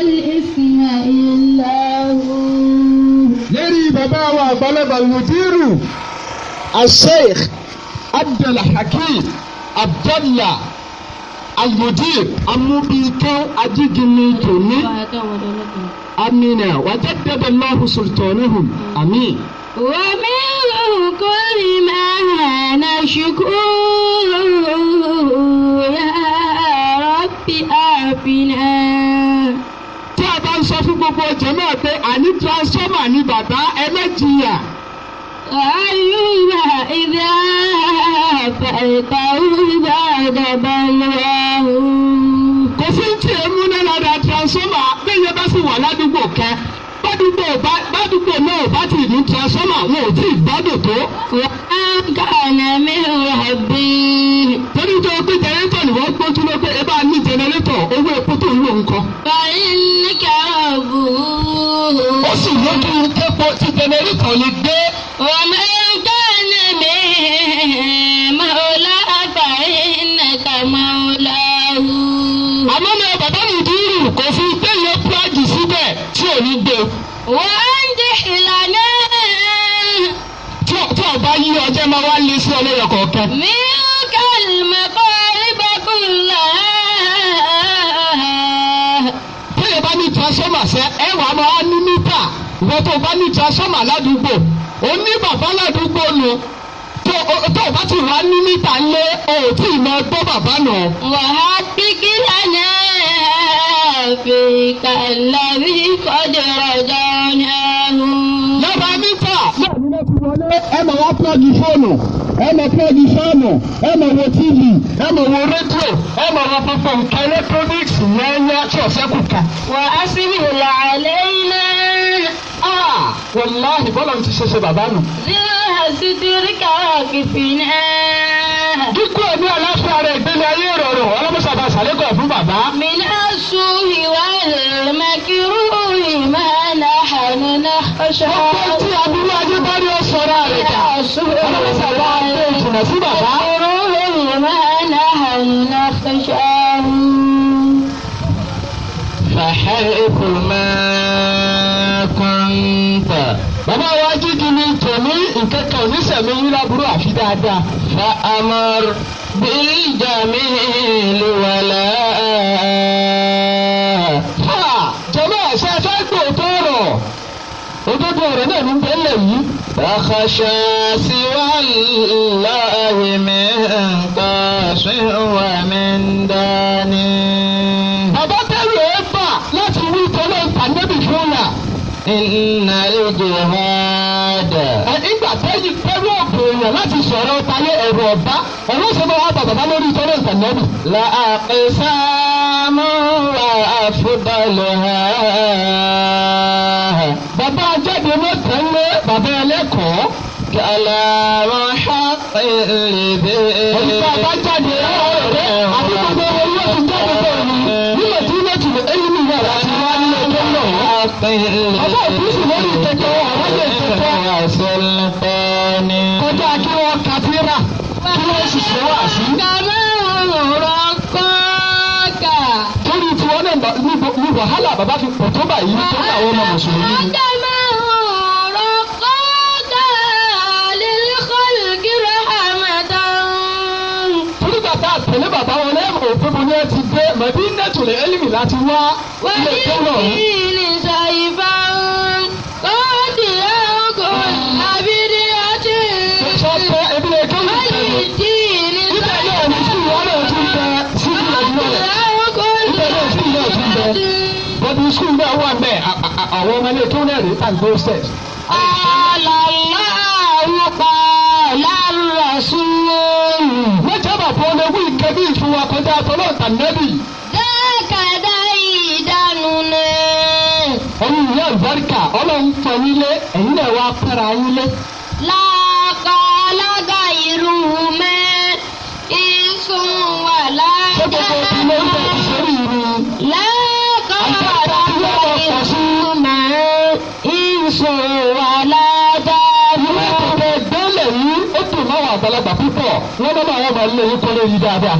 الإثم إلا هو لري بابا وبلغ المدير الشيخ عبد الحكيم عبد الله المدير أمبيكو أجيجني توني أمين وجدد الله سلطانهم أمين ومن كل ما هان شكور يا رب أعفنا ń sọ fún gbogbo ọjọ́ náà pé àní transformer ni bàbá ẹlẹ́jìyà. Àyùbá ìdá àfàìkàwùbá dàbà lọ́wọ́. Kò sí ti èmú náà lọ́dà transformer bí iye bá sì wà ládùúgbò kẹ́ bádùgbò bádùgbò náà bá ti ní transformer wọn ò tí ì gbádùn tó. wọ́n kàná mi rà bí. torí tó pé jẹnẹrétọ̀ ni wọ́n gbójú ló pé ẹ bá ní jẹnẹrétọ̀ owó epo tó ń lò ń kọ. báyìí ní kẹ́rọ̀ bù ú. ó sì lójú epo tí jẹnẹrétọ̀ lè gbé. wọ́n máa ń kàná mi mọ́lá àgbà ìnàkà mọ́lá wù. àmọ́ mi. tí ò ní gbé. wọ́n di ìlànà. tí tí ọba yí ọjọ́ máa wá lé sí ọlọ́yọ̀ kọ̀ọ̀kan. mi ò kàlùmọ̀ kọ́ ríbẹ̀kùn lọ. bóyá bá ní transformer sẹ́ ẹ wà á máa ní mítà wọ́n tó bá ní transformer ládùúgbò ó bàbá ládùúgbò nù tó o bá ti wá ní mítà lé o ò tí ì mọ gbọ́ bàbá nù. wàá bí lánàá. فيك الذي قد رجعناه. lọ́ba mítà. bẹ́ẹ̀ ni wọ́n ti wọlé ẹ mọ̀ wá pọ́ọ̀gì fóònù ẹ mọ̀ wo tv ẹ mọ̀ wo rédíò ẹ mọ̀ wo gbogbo nǹkan electronics yẹn ń yá tí ọ̀sẹ̀ kù kan. wà á sí ìlà àlẹ́ ilé. Ah, wàláhì bọ́lá ti ṣe ṣe bàbá nù. zero sidiri kàwáàkì fìnnà. dípò ẹ̀mí aláṣọ ara ìgbélé ayé rọrùn ọlọ́mọṣàbà ṣàlékọ̀ fún bàbá. mi والمكروه ما نحن نخشى. ọkọ tí aburú ajé bá rí ọ sọ̀rọ̀ rẹ̀ dà ọlọ́mọṣà wà á bàbá. نخشى. فحيث ما كنت. bàbá wa jíjí ni tòmí nǹkan kan oníṣẹ̀mí yín láburú àfi dáadáa. fa amar bíi jamilu wàlá. rẹ̀ náà ní tẹ́lẹ̀ yìí. Bàkàṣà sí wà láàyè mi nǹkan sí wà mí dání. Bàbá tẹ́lú ẹ bà láti wí tọ́lọ́ ìpàdébì fún yà. Iná ìjì hádà. Ìgbà tẹ́yìn pẹ̀lú ọ̀pọ̀ èèyàn láti sọ̀rọ̀ táyé ẹ̀rọ ọ̀bá. Ọ̀rọ̀ ṣe máa wá bàbá lórí tọ́lọ́ ìpàdébì. Làákè sáà mú wa àfúdàlù hàn jáde mọ́sàn-án lé bàbá ẹlẹ́kọ̀ọ́. Kàlà wọn há ìrèbè. Olùkọ́ àbá jáde ọ̀rọ̀ rẹ̀ àbí gbogbo orí ó ti jáde bẹ́ẹ̀ ni. Nígbà tí ilé tìlú ẹ̀yìn mi wà láti wá ní ọjọ́ náà. Ọba ìbísí lórí kẹ̀kẹ́ ọ̀rọ̀ lè kẹ̀kẹ́. Kọjá kí wọ́n kàtírà kí wọ́n sì ṣe wá sí. Kàmá òrò kọ́ọ̀kà. Torí tiwọn náà ní wàhálà bàbá fi pọ̀ tó báyìí nítorí àwọn ọmọ mùsùlùmí. pé mẹ̀bí nẹ́tùlẹ̀ ẹlẹ́mì láti wá ilé ìkéwù ọ̀hún. wọ́n yí ní ṣàyíbá kọ́ọ̀dì ẹ̀kọ́ àbídí ọtí. sọ pé ebi lè kéwù ìkéwù. wọ́n yí tí ní ṣàyíbá. ibẹ̀ náà ní sí ìwọ náà tún bẹ síbi àdúrà rẹ̀. ibẹ̀ náà sí ìwọ tún bẹ. bọ́dún skul náà wà bẹ́ẹ̀ àwọn ọmọ ilé ìkéwù náà rí tàgbó sẹ́ẹ̀t. àlàlá àwùpá lárúrà sùn. wọ́n jábà fún ọ ànábì. dákàá dá ìdánù náà. ẹ̀yin ìyá àlùbáríkà ọlọ́run pọ̀ nílé ẹ̀yin náà wá para yín lé. láàkọ́ alága irú mẹ́ ìsún wà láàyè. ṣé gbogbo ilé ń bẹ ìṣòrí irú. láàkọ́ alága irú mẹ́ ìsún wà láàyè. àgbàlagbà púpọ̀ wọ́n bá àwọn ọmọ ilé yìí kọ́lé yìí dáadáa.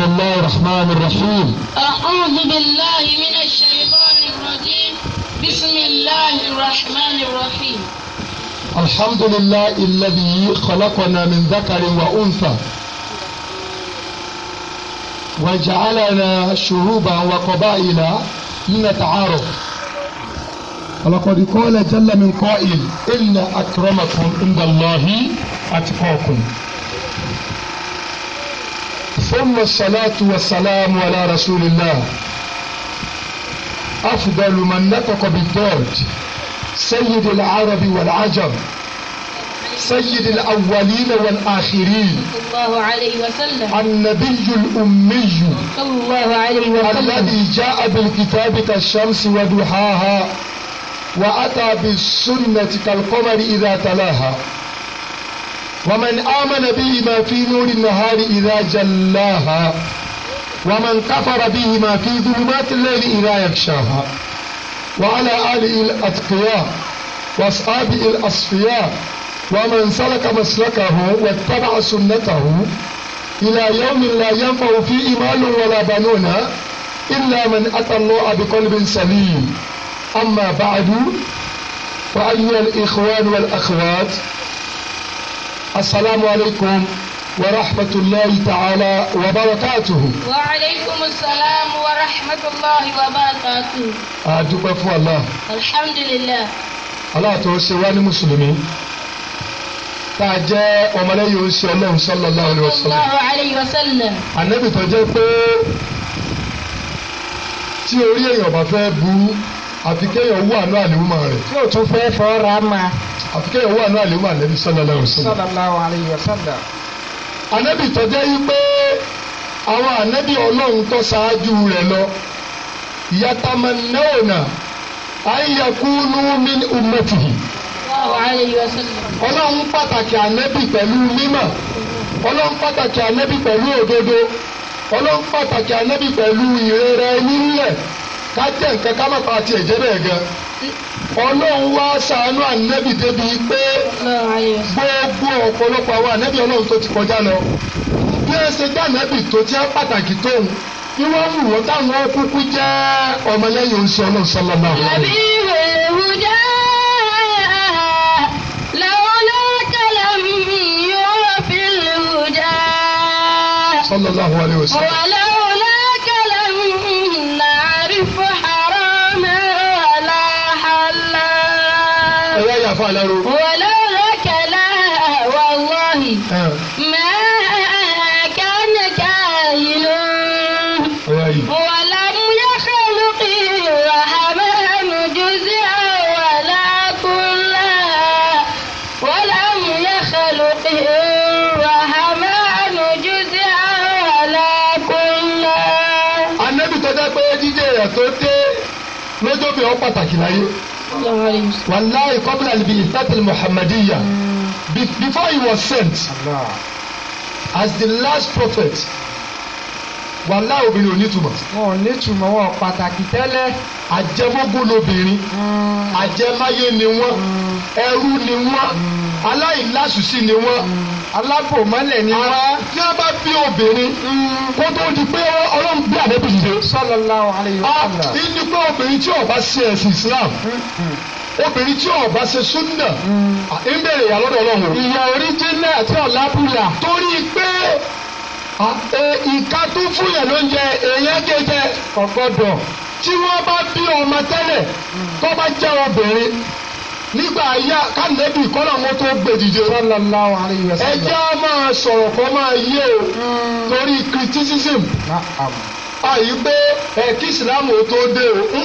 بسم الله الرحمن الرحيم أعوذ بالله من الشيطان الرجيم بسم الله الرحمن الرحيم الحمد لله الذي خلقنا من ذكر وأنثى وجعلنا شعوبا وقبائل لنتعارف ولقد قال جل من قائل إن أكرمكم عند الله أتقاكم ثم الصلاة والسلام على رسول الله أفضل من نطق بالضاد سيد العرب والعجم سيد الأولين والآخرين صلى الله عليه وسلم النبي الأمي صلى الله عليه وسلم الذي جاء بالكتاب كالشمس وضحاها وأتى بالسنة كالقمر إذا تلاها ومن آمن بهما في نور النهار إذا جلاها ومن كفر بهما في ظلمات الليل إذا يغشاها وعلى آله الأتقياء وأصحابه الأصفياء ومن سلك مسلكه واتبع سنته إلى يوم لا ينفع فيه مال ولا بنون إلا من أتى الله بقلب سليم أما بعد فأيها الإخوان والأخوات السلام عليكم ورحمة الله تعالى وبركاته وعليكم السلام ورحمة الله وبركاته أدوبة فو الله الحمد لله الله توسوى المسلمين tá a jẹ́ ọmọlẹ́yìn oṣù ọlọ́run sallallahu alaihi wasallam. ànábì tó jẹ́ pé tí orí èèyàn bá fẹ́ burú àfi kéèyàn wú àánú àlèwúmọ̀ rẹ̀. tí o tún fẹ́ fọ́ ra máa àfikẹ́ ìyàwó àná àlẹ́ wà lẹ́nu sallallahu alaihi wasallam. ànábì tó jẹ́ yí pé àwọn ànábì ọlọ́run tó ṣáájú rẹ̀ lọ yatamannawna an yakunu min ummatihi. ọlọ́run pàtàkì ànábì pẹ̀lú mímọ̀ ọlọ́run pàtàkì ànábì pẹ̀lú òdodo ọlọ́run pàtàkì ànábì pẹ̀lú ìrẹ́rẹ́ nílẹ̀ ká jẹ́ nǹkan ká má fa tiẹ̀ jẹ́ bẹ́ẹ̀ gan ọlọ́run wá ṣàánú ànábì débi pé gbogbo ọ̀pọ̀lọpọ̀ àwọn ànábì ọlọ́run tó ti kọjá lọ bí ẹ ṣe jẹ́ ànábì tó ti á pàtàkì tóun ni wọ́n mú wọn táwọn kúkú jẹ́ ọmọlẹ́yìn oṣù ọlọ́run sọlọ́ náà. àbí oṣù kìfù haram wàlá halal. ẹ yá yàfa lẹ́rú. pàtàkì láyé wàláyé kọ́bílà níbi ìfẹ́tẹ̀lẹ̀ muhammadiya before he was sent as the last prophet wàláyé obìnrin ò nítumọ̀. wọn ò nítumọ̀ wọn ò pàtàkì tẹ́lẹ̀. àjẹmógún lobìnrin àjẹmáyé mm. ni wọ́n mm. ẹrú ni wọ́n mm. aláìláṣùsí ni wọ́n. Mm alábòmọ́lẹ̀ ni wá. tí a bá bí obìnrin. Hmm. kó tó di pé ọlọ́run bí àdébù ṣiṣẹ́. sallallahu alaihi wasallam. a ah, ní pé obìnrin tí ó bá ṣe ẹ̀sìn islam hmm. obìnrin tí ó bá ṣe súnà hmm. ń bèrè ìyá lọ́dọ̀ ọlọ́run. ìyá oríjìnà àti ọ̀làbùlà. torí pé e, ìka tó fún yẹn ló ń jẹ èèyàn gẹ́gẹ́ ọ̀gọ́dọ̀ tí wọ́n bá bí ọmọ tẹ́lẹ̀ tó bá jẹ́ obìnrin nígbà ayé kánẹ́bì kọ́nà wọn tó gbèdìde. sallallahu alayhi wa sallam. ẹjẹ́ a máa sọ̀rọ̀ kọ́ máa yé o torí criticism. àyí pé ẹ kí ìsìlámù tó dé o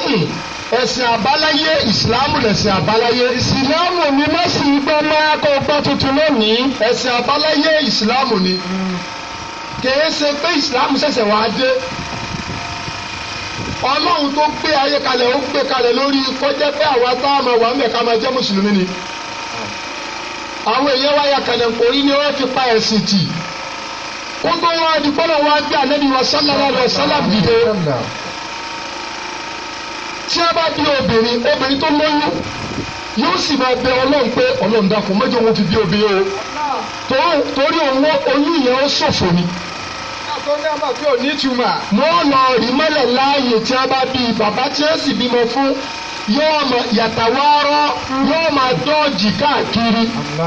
ẹ̀sìn àbáláyé ìsìlámù lẹ̀sìn àbáláyé. ìsìlámù ni má sì gbọ́ máa kọ́ gbọ́ tuntun lónìí. ẹ̀sìn àbáláyé ìsìlámù ni. Mm. kì í ṣe pé ìsìlámù ṣẹ̀ṣẹ̀ wá dé ọlọ́run tó gbé ayé kalẹ̀ ó gbé kalẹ̀ lórí kọjá pé àwa tá a máa wà ń bẹ̀ ká máa jẹ́ mùsùlùmí ni àwọn èèyàn wá ya kàlẹ̀ nkòrí ni wọ́n fi pa ẹ̀sìn tì kó tó wá di kọ́lọ̀ wá gbé ànábì wa sálàlá rẹ̀ sálàm dìde tí a bá bí obìnrin obìnrin tó lóyún yóò sì máa bẹ ọlọ́run pé ọlọ́run dákun mẹ́jọ wọn fi bí obìnrin o torí òun oyún yẹn ó ṣòfò ni tó ní lọ rí mọ́lẹ̀ láàyè tí a bá bí bàbá tí ó sì bímọ fún yóò mọ yàtàwárọ́ yóò máa dọ́ọ̀jì káàkiri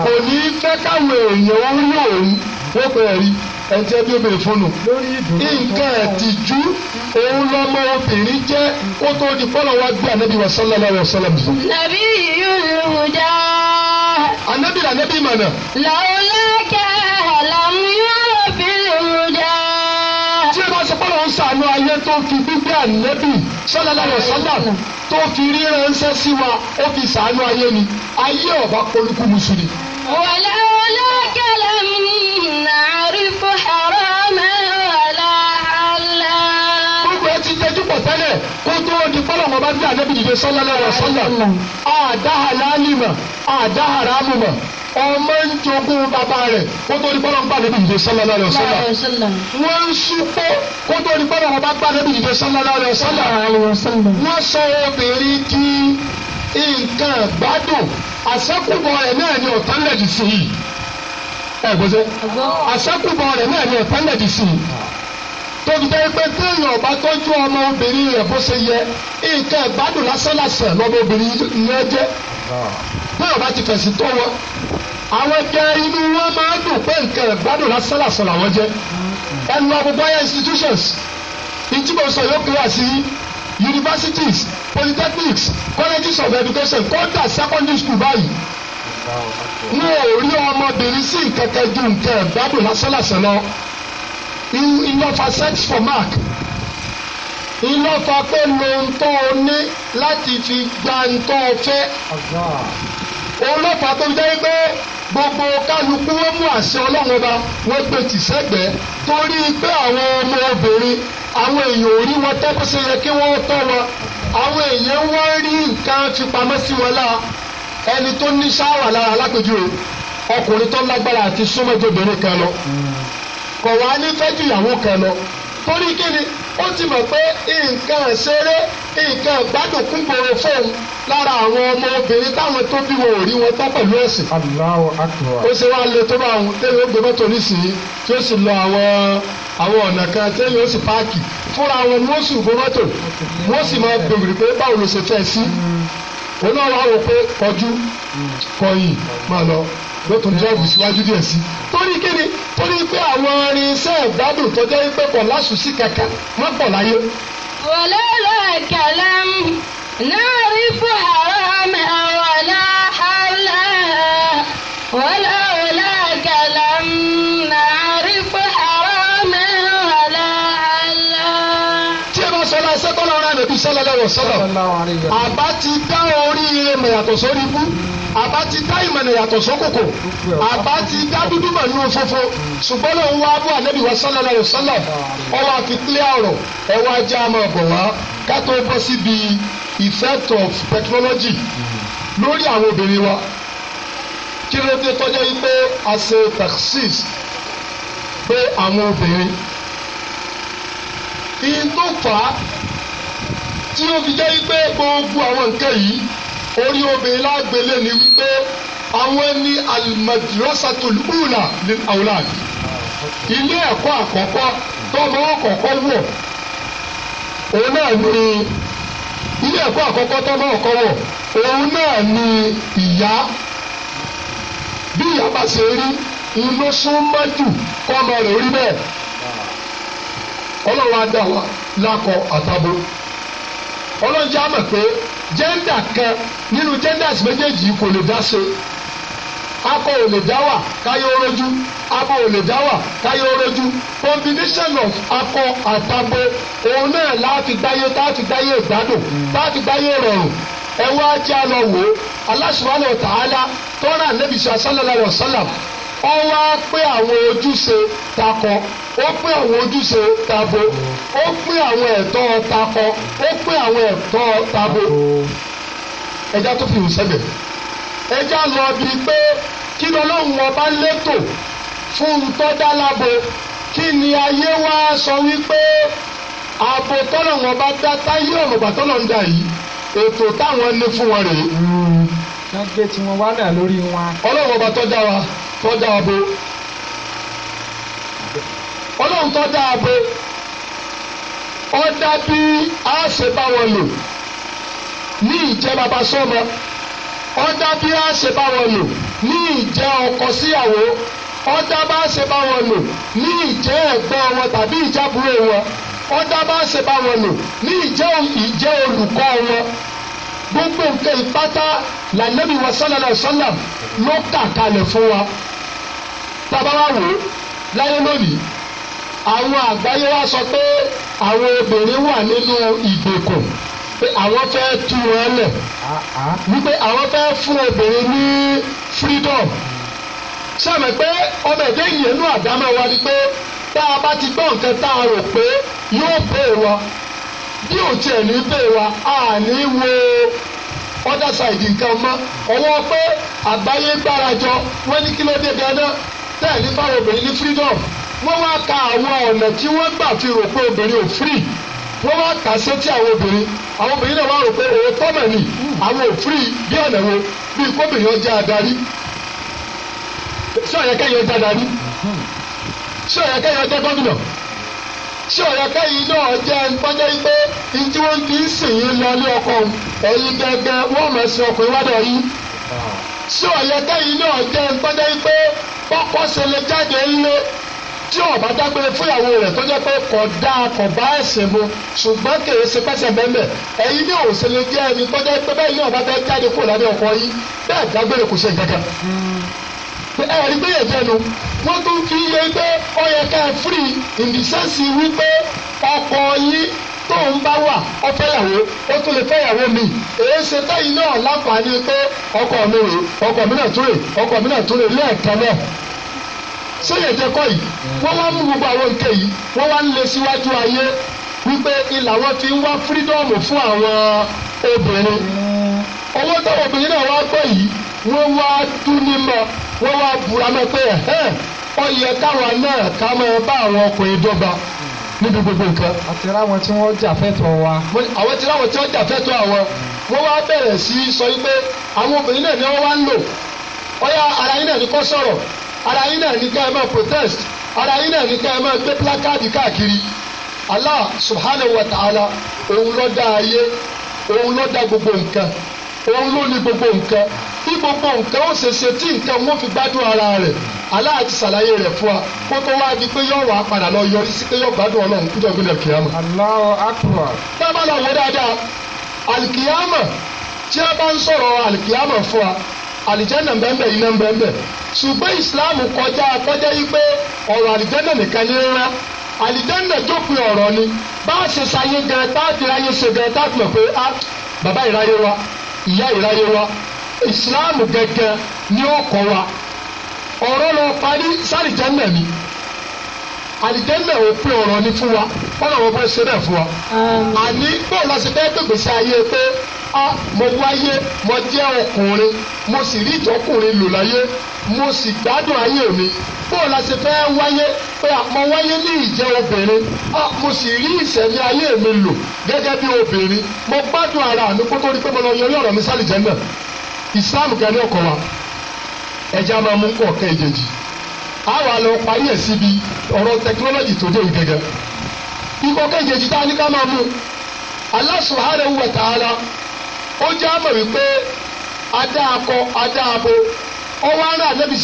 kò ní fẹ́ káwọn èèyàn ó rí òun ó pẹ̀ rí ẹ̀jẹ̀ bí obìnrin fóònù. nǹkan ẹ̀tìjú òun lọ́mọ obìnrin jẹ́ kó tó di fọ́lọ̀ wá gbé Anabi wa sallallahu alaihi wasallam. nàbí yìí ló Anabi, ànábì lànábì mọ̀nà. làwọn lákẹ́ àlàmúyọ́ ṣàánú ayé tó fi gbígbé ànẹ́bì sallallahu alaihi tó fi ríránṣẹ́ sí wa ó fi ṣàánú ayé ni ayé ọ̀bá polúkú mùsùlùmí. wàlẹ́ ọlọ́kẹ́ lẹ́mí nàárífù hàrámẹ́ wàlá àlá. gbogbo ẹ ti pọ̀ tẹ́lẹ̀ kó tó di pọ́lọ́mọ bá gbé ànẹ́bì dìde sallallahu alaihi wasallam àdá àlálì mọ̀ ọmọ ń jogún bàbá rẹ̀ kó tó di bọ́lá ń gbàdé bí ìdè sọ́lá lọ́rẹ̀ ọ̀sọ́lá. wọ́n ń súpó kó tó di bọ́lá wọn bá gbàdé bí ìdè sọ́lá lọ́rẹ̀ ọ̀sọ́lá. wọ́n sọ obìnrin di nǹkan gbádùn àṣẹ́kùbọ̀ rẹ̀ náà ni ọ̀tán lẹ̀dì sí i. ẹ gbọ́dọ̀ àṣẹ́kùbọ̀ rẹ̀ náà ni ọ̀tán lẹ̀dì sí i tọ́jútọ́ pé téèyàn bá tọ́jú ọmọ obìnrin rẹ̀ bó ṣe yẹ nǹkan ìgbádùn lásánlásán lọ́mọ obìnrin yẹn jẹ́ báwo bá ti fẹ̀sìn tó wọn àwọn jẹ inú wọn máa ń dùn pé nǹkan ìgbádùn lásán làsàn làwọn jẹ ẹnu agbègbè institutions ìtumọ̀ sọ yóò kíláà sí universities polytechnics colleges of education kódà secondary school báyìí wọn ò rí ọmọbìnrin sí nǹkan kẹjú nǹkan ìgbádùn lásán làsàn lọ ìlọfà sex for mark iná fapẹ́ lo ohun tó o ní láti fi gba ohun tó o fẹ́. òun tó jẹ́ pé gbogbo kálukú wọn mú àṣẹ ọlọ́run ọba wọn gbé tìṣẹ́gbẹ́ torí pé àwọn ọmọ obìnrin àwọn èèyàn ò wọn ṣe yẹ kí wọ́n tọ́ wọn àwọn wọ́n rí wọn lára ẹni tó ní lára ọkùnrin tó lágbára àti kan lọ hmm. ó ti mọ̀ pé nǹkan ṣeré nǹkan gbádùn kún gbòòrò fóun lára àwọn ọmọ obìnrin táwọn tó bí wọn ò rí wọn tán pẹ̀lú ẹ̀sìn. Allahu akbar. ó ṣe wá lè tó bá wọn téèyàn ó gbé mọ́tò nísìnyí tí ó sì lọ àwọn àwọn ọ̀nà kan téèyàn ó sì páàkì fúnra wọn ni gbé mọ́tò wọ́n máa gbèrú pé báwo ló ṣe fẹ́ sí òun náà wà wò pé kọjú kọyìn máa lọ yóò jọ́ọ̀bù síwájú díẹ̀ sí. torí kíni torí pé àwọn irinṣẹ́ ìgbádùn tó jẹ́ pé kò lásùsí kankan wọ́n pọ̀ láyé. wọlé lọ kẹlẹ náà rí fún haram wala hala wala. ànábì sallallahu alaihi wasallam àbá ti dá oríire mọ̀ yàtọ̀ sórí ikú àbá ti dá ìmọ̀nà yàtọ̀ sókòkò àbá ti dá dúdú mọ̀ nínú funfun ṣùgbọ́n ló ń wá bú ànábì wa sallallahu alaihi wasallam ọwọ́ àfi clear ọ̀rọ̀ ẹ̀wọ́ ajá àmọ́ ọ̀bọ̀ wá ká tó bọ́ síbi effect of technology lórí àwọn obìnrin wa kí ló dé tọ́jọ́ yìí pé a ṣe taxis pé àwọn obìnrin ìtòfà tí ó fi jẹ́ wípé gbogbo àwọn nǹkan yìí orí obìnrin lágbélé ni wípé àwọn ní alimadrasatul ula lil awlad ilé ẹ̀kọ́ àkọ́kọ́ tọ́mọ ọ̀kọ̀ọ̀kọ́ wọ̀ òun náà ni ilé ẹ̀kọ́ àkọ́kọ́ tọ́mọ ọ̀kọ́ wọ̀ òun náà ni ìyá bí ìyá bá ṣe rí inú súnmọ́ jù kọ́mọ rẹ̀ orí bẹ́ẹ̀ ọlọ́run á dà wá lákọ àtàbọ̀. ọlọ́njẹ́ àmọ̀ pé jẹ́ndà kan nínú jẹ́ndàs méjèèjì kò lè dá se. akọ ò lè dá wà káyé orójú abo ò lè orójú combination of akọ àtabo òun náà láti dáyé láti gbáyé ìgbádùn láti dáyé rọrùn wò tọ́ra ọ wá pé àwọn ojúṣe takọ ó pé àwọn ojúṣe tabo ó pé àwọn ẹ̀tọ́ takọ ó pé àwọn ẹ̀tọ́ tabo ẹja tó fi hù sẹ́gbẹ̀ ẹja lọ bíi pé kí lọ́lọ́run ọba létò fún tọ́dá lábo kí ni ayé wá sọ wípé ààbò tọ́lọ̀ wọn bá dá táyé ọ̀rọ̀ bá tọ́lọ̀ ń dà yìí ètò táwọn ní fún wọn rèé. Hmm. wọ́n gbé tiwọn wá náà lórí wọn. ọlọ́run ọba tọ́já wa tó dá abo ọlọ́run tó dá abo ó bí a ṣe bá wọn lò ní ìjẹ́ bàbá sọ́mọ ó bí a ṣe bá wọn lò ní ìjẹ́ ọkọ síyàwó ọdá bá ṣe bá wọn lò ní ìjẹ́ ẹ̀gbọ́n wọn tàbí ìjábúrò wọn ọdá bá ṣe bá wọn lò ní ìjẹ́ olùkọ́ wọn gbogbo nǹkan ìpátá lànàbí wa sọ́làlá sọ́làm ló kà kalẹ̀ fún wa bàbá wa wò láyé lónìí àwọn àgbáyé wa sọ pé àwọn obìnrin wà nínú ìgbèkùn pé àwọn fẹ́ tú wọn lẹ̀ wípé àwọn fẹ́ fún obìnrin ní freedom sọ̀rọ̀ pé ọmọ ẹ̀dẹ́ ìyẹn nú àdámọ́ wa ni pé tá a bá ti gbọ́ nǹkan tá a rò pé yóò bẹ́ẹ̀ wọ bí ò tiẹ̀ ní bẹ́ẹ̀ wa a ní wo other side nǹkan mọ́ ọwọ́ pé àgbáyé gbárajọ wọ́n ní kí ló dé dáná tẹ́ẹ̀lì báwọn obìnrin ní freedom wọ́n wá ka àwọn ọ̀nà tí wọ́n gbà fi rò pé obìnrin ò free wọ́n wá kà sí ti àwọn obìnrin àwọn obìnrin náà wá rò pé òun tọ́mọ̀ ni àwọn ò free bí ọ̀nà wo bí kóbìnrin ọjà adarí sí ọ̀yẹ́kẹ́yẹ ọjà adarí sí ọ̀yẹ́kẹ́yẹ ọjà gómìnà ṣé ọ̀rẹ́ kẹ́yìn náà jẹ́ ntọ́jẹ́ pé ntí wọ́n ti ń sìn yín lọ ní ọkọ ẹ̀yin gẹ́gẹ́ wọ́n mọ̀ sí ọkọ ìwádọ̀ yín ṣé ọ̀rẹ́ kẹ́yìn náà jẹ́ ntọ́jẹ́ pé kọ́kọ́ ṣe lè jáde ńlé tí ọba dágbére fúyàwó rẹ̀ tó jẹ́ pé kò dáa kò bá ẹ̀sìn mu ṣùgbọ́n kìí ṣe pẹ́sẹ̀ bẹ́ẹ̀ ẹ̀yin ní òṣèlè jẹ́ ẹni tó jẹ́ pé bẹ́ẹ̀ ní ọba fẹ́ jáde kúrò lábẹ́ ọkọ yìí bẹ́ẹ̀ dágbére kò ṣe kankan ẹ̀rí gbéyẹ̀ jẹnu wọ́n tún fi yẹ pé ó yẹ ká firi ìdísẹ́sì wípé ọkọ yín tóun bá wà ó fẹ́yàwó ó tún lè fẹ́yàwó mi èyí ṣe tẹ́yìn náà láǹfààní pé ọkọ mi rè ọkọ mi náà tún rè ọkọ mi náà tún rè lẹ́ẹ̀kan náà sẹ́yìn ẹ̀jẹ̀ kọ́ yìí wọ́n wá mú gbogbo àwọn nǹkan yìí wọ́n wá ń lé síwájú ayé wípé ilà wọn fi ń wá fírídọ́ọ̀mù fún àwọn obìnrin owó táwọn obìnrin náà wá gbọ́ yìí wọ́n wá tú ní mọ́ wọ́n wá búra mọ́ pé ẹ̀ ọ yẹ káwa náà ká mọ́ bá àwọn ọkùnrin dọ́gba níbi gbogbo nǹkan. àti ráwọn tí wọ́n jà fẹ́tọ̀ wa. àwọn tí ráwọn tí wọ́n jà fẹ́tọ̀ àwọn wọ́n wá bẹ̀rẹ̀ sí í sọ àwọn obìnrin náà ni wọ́n wá ń lò ara yín náà ni sọ̀rọ̀ ara yín náà ni ká protest ara yín náà ni ká ẹ máa gbé káàkiri Allah bí gbogbo nǹkan ó ṣe ṣe tí nǹkan wọn fi gbádùn ara rẹ̀ aláà ti ṣàlàyé rẹ̀ fún wa kó tó wá di pé yóò wá padà lọ yọrí sí pé yóò gbádùn ọlọ́run kújọ́ gbé lẹ́kìá mọ̀. Allahu akbar. tá a bá lọ wọ dáadáa alikiyama tí a bá ń sọ̀rọ̀ alikiyama fún wa alijanna bẹ́ẹ̀ iná bẹ́ẹ̀ ṣùgbọ́n ìsìláàmù kọjá kọjá yìí pé ọ̀rọ̀ alijanna nìkan ní rárá alijanna jópin ọ̀rọ̀ ni bá a ṣe ṣayé gan tá a ti ráyé ṣe gan tá a ti mọ̀ pé ah, bàbá ìráyé wa ìyá ìráyé wa ìsìláàmù gẹ́gẹ́ ni ó kọ́ wa ọ̀rọ̀ lọ parí sálìjẹ́nà ni àlìjẹ́nà ò pé ọ̀rọ̀ ni fún wa wọ́n làwọn bá ṣe bẹ́ẹ̀ fún wa. àní bóun la ṣe bẹ́ẹ̀ gbègbè sí ayé pé a mo wáyé mo jẹ́ ọkùnrin mo sì rí ìjọkùnrin lò láyé mo sì gbádùn ayé mi bóun la ṣe fẹ́ wáyé pé mo wáyé ní ìjẹ́ obìnrin a mo sì rí ìṣẹ̀mí ayé mi lò gẹ́gẹ́ bí obìnrin mo gbádùn ara mi kótó rí pé mo lọ yọrí ọ̀rọ̀ mi sálìjẹ́nà. islam gan ni ọkọ wa ẹjẹ a máa mú kọ kẹjẹjì a wà parí ẹ síbi tẹkinọlọjì tó dé ìgẹgẹ ikọ kẹjẹjì tá a ní ká máa mú Allah subhanahu wa ta'ala ó jẹ́ àmọ̀ wípé adá akọ adá abo ó wá rán ànábì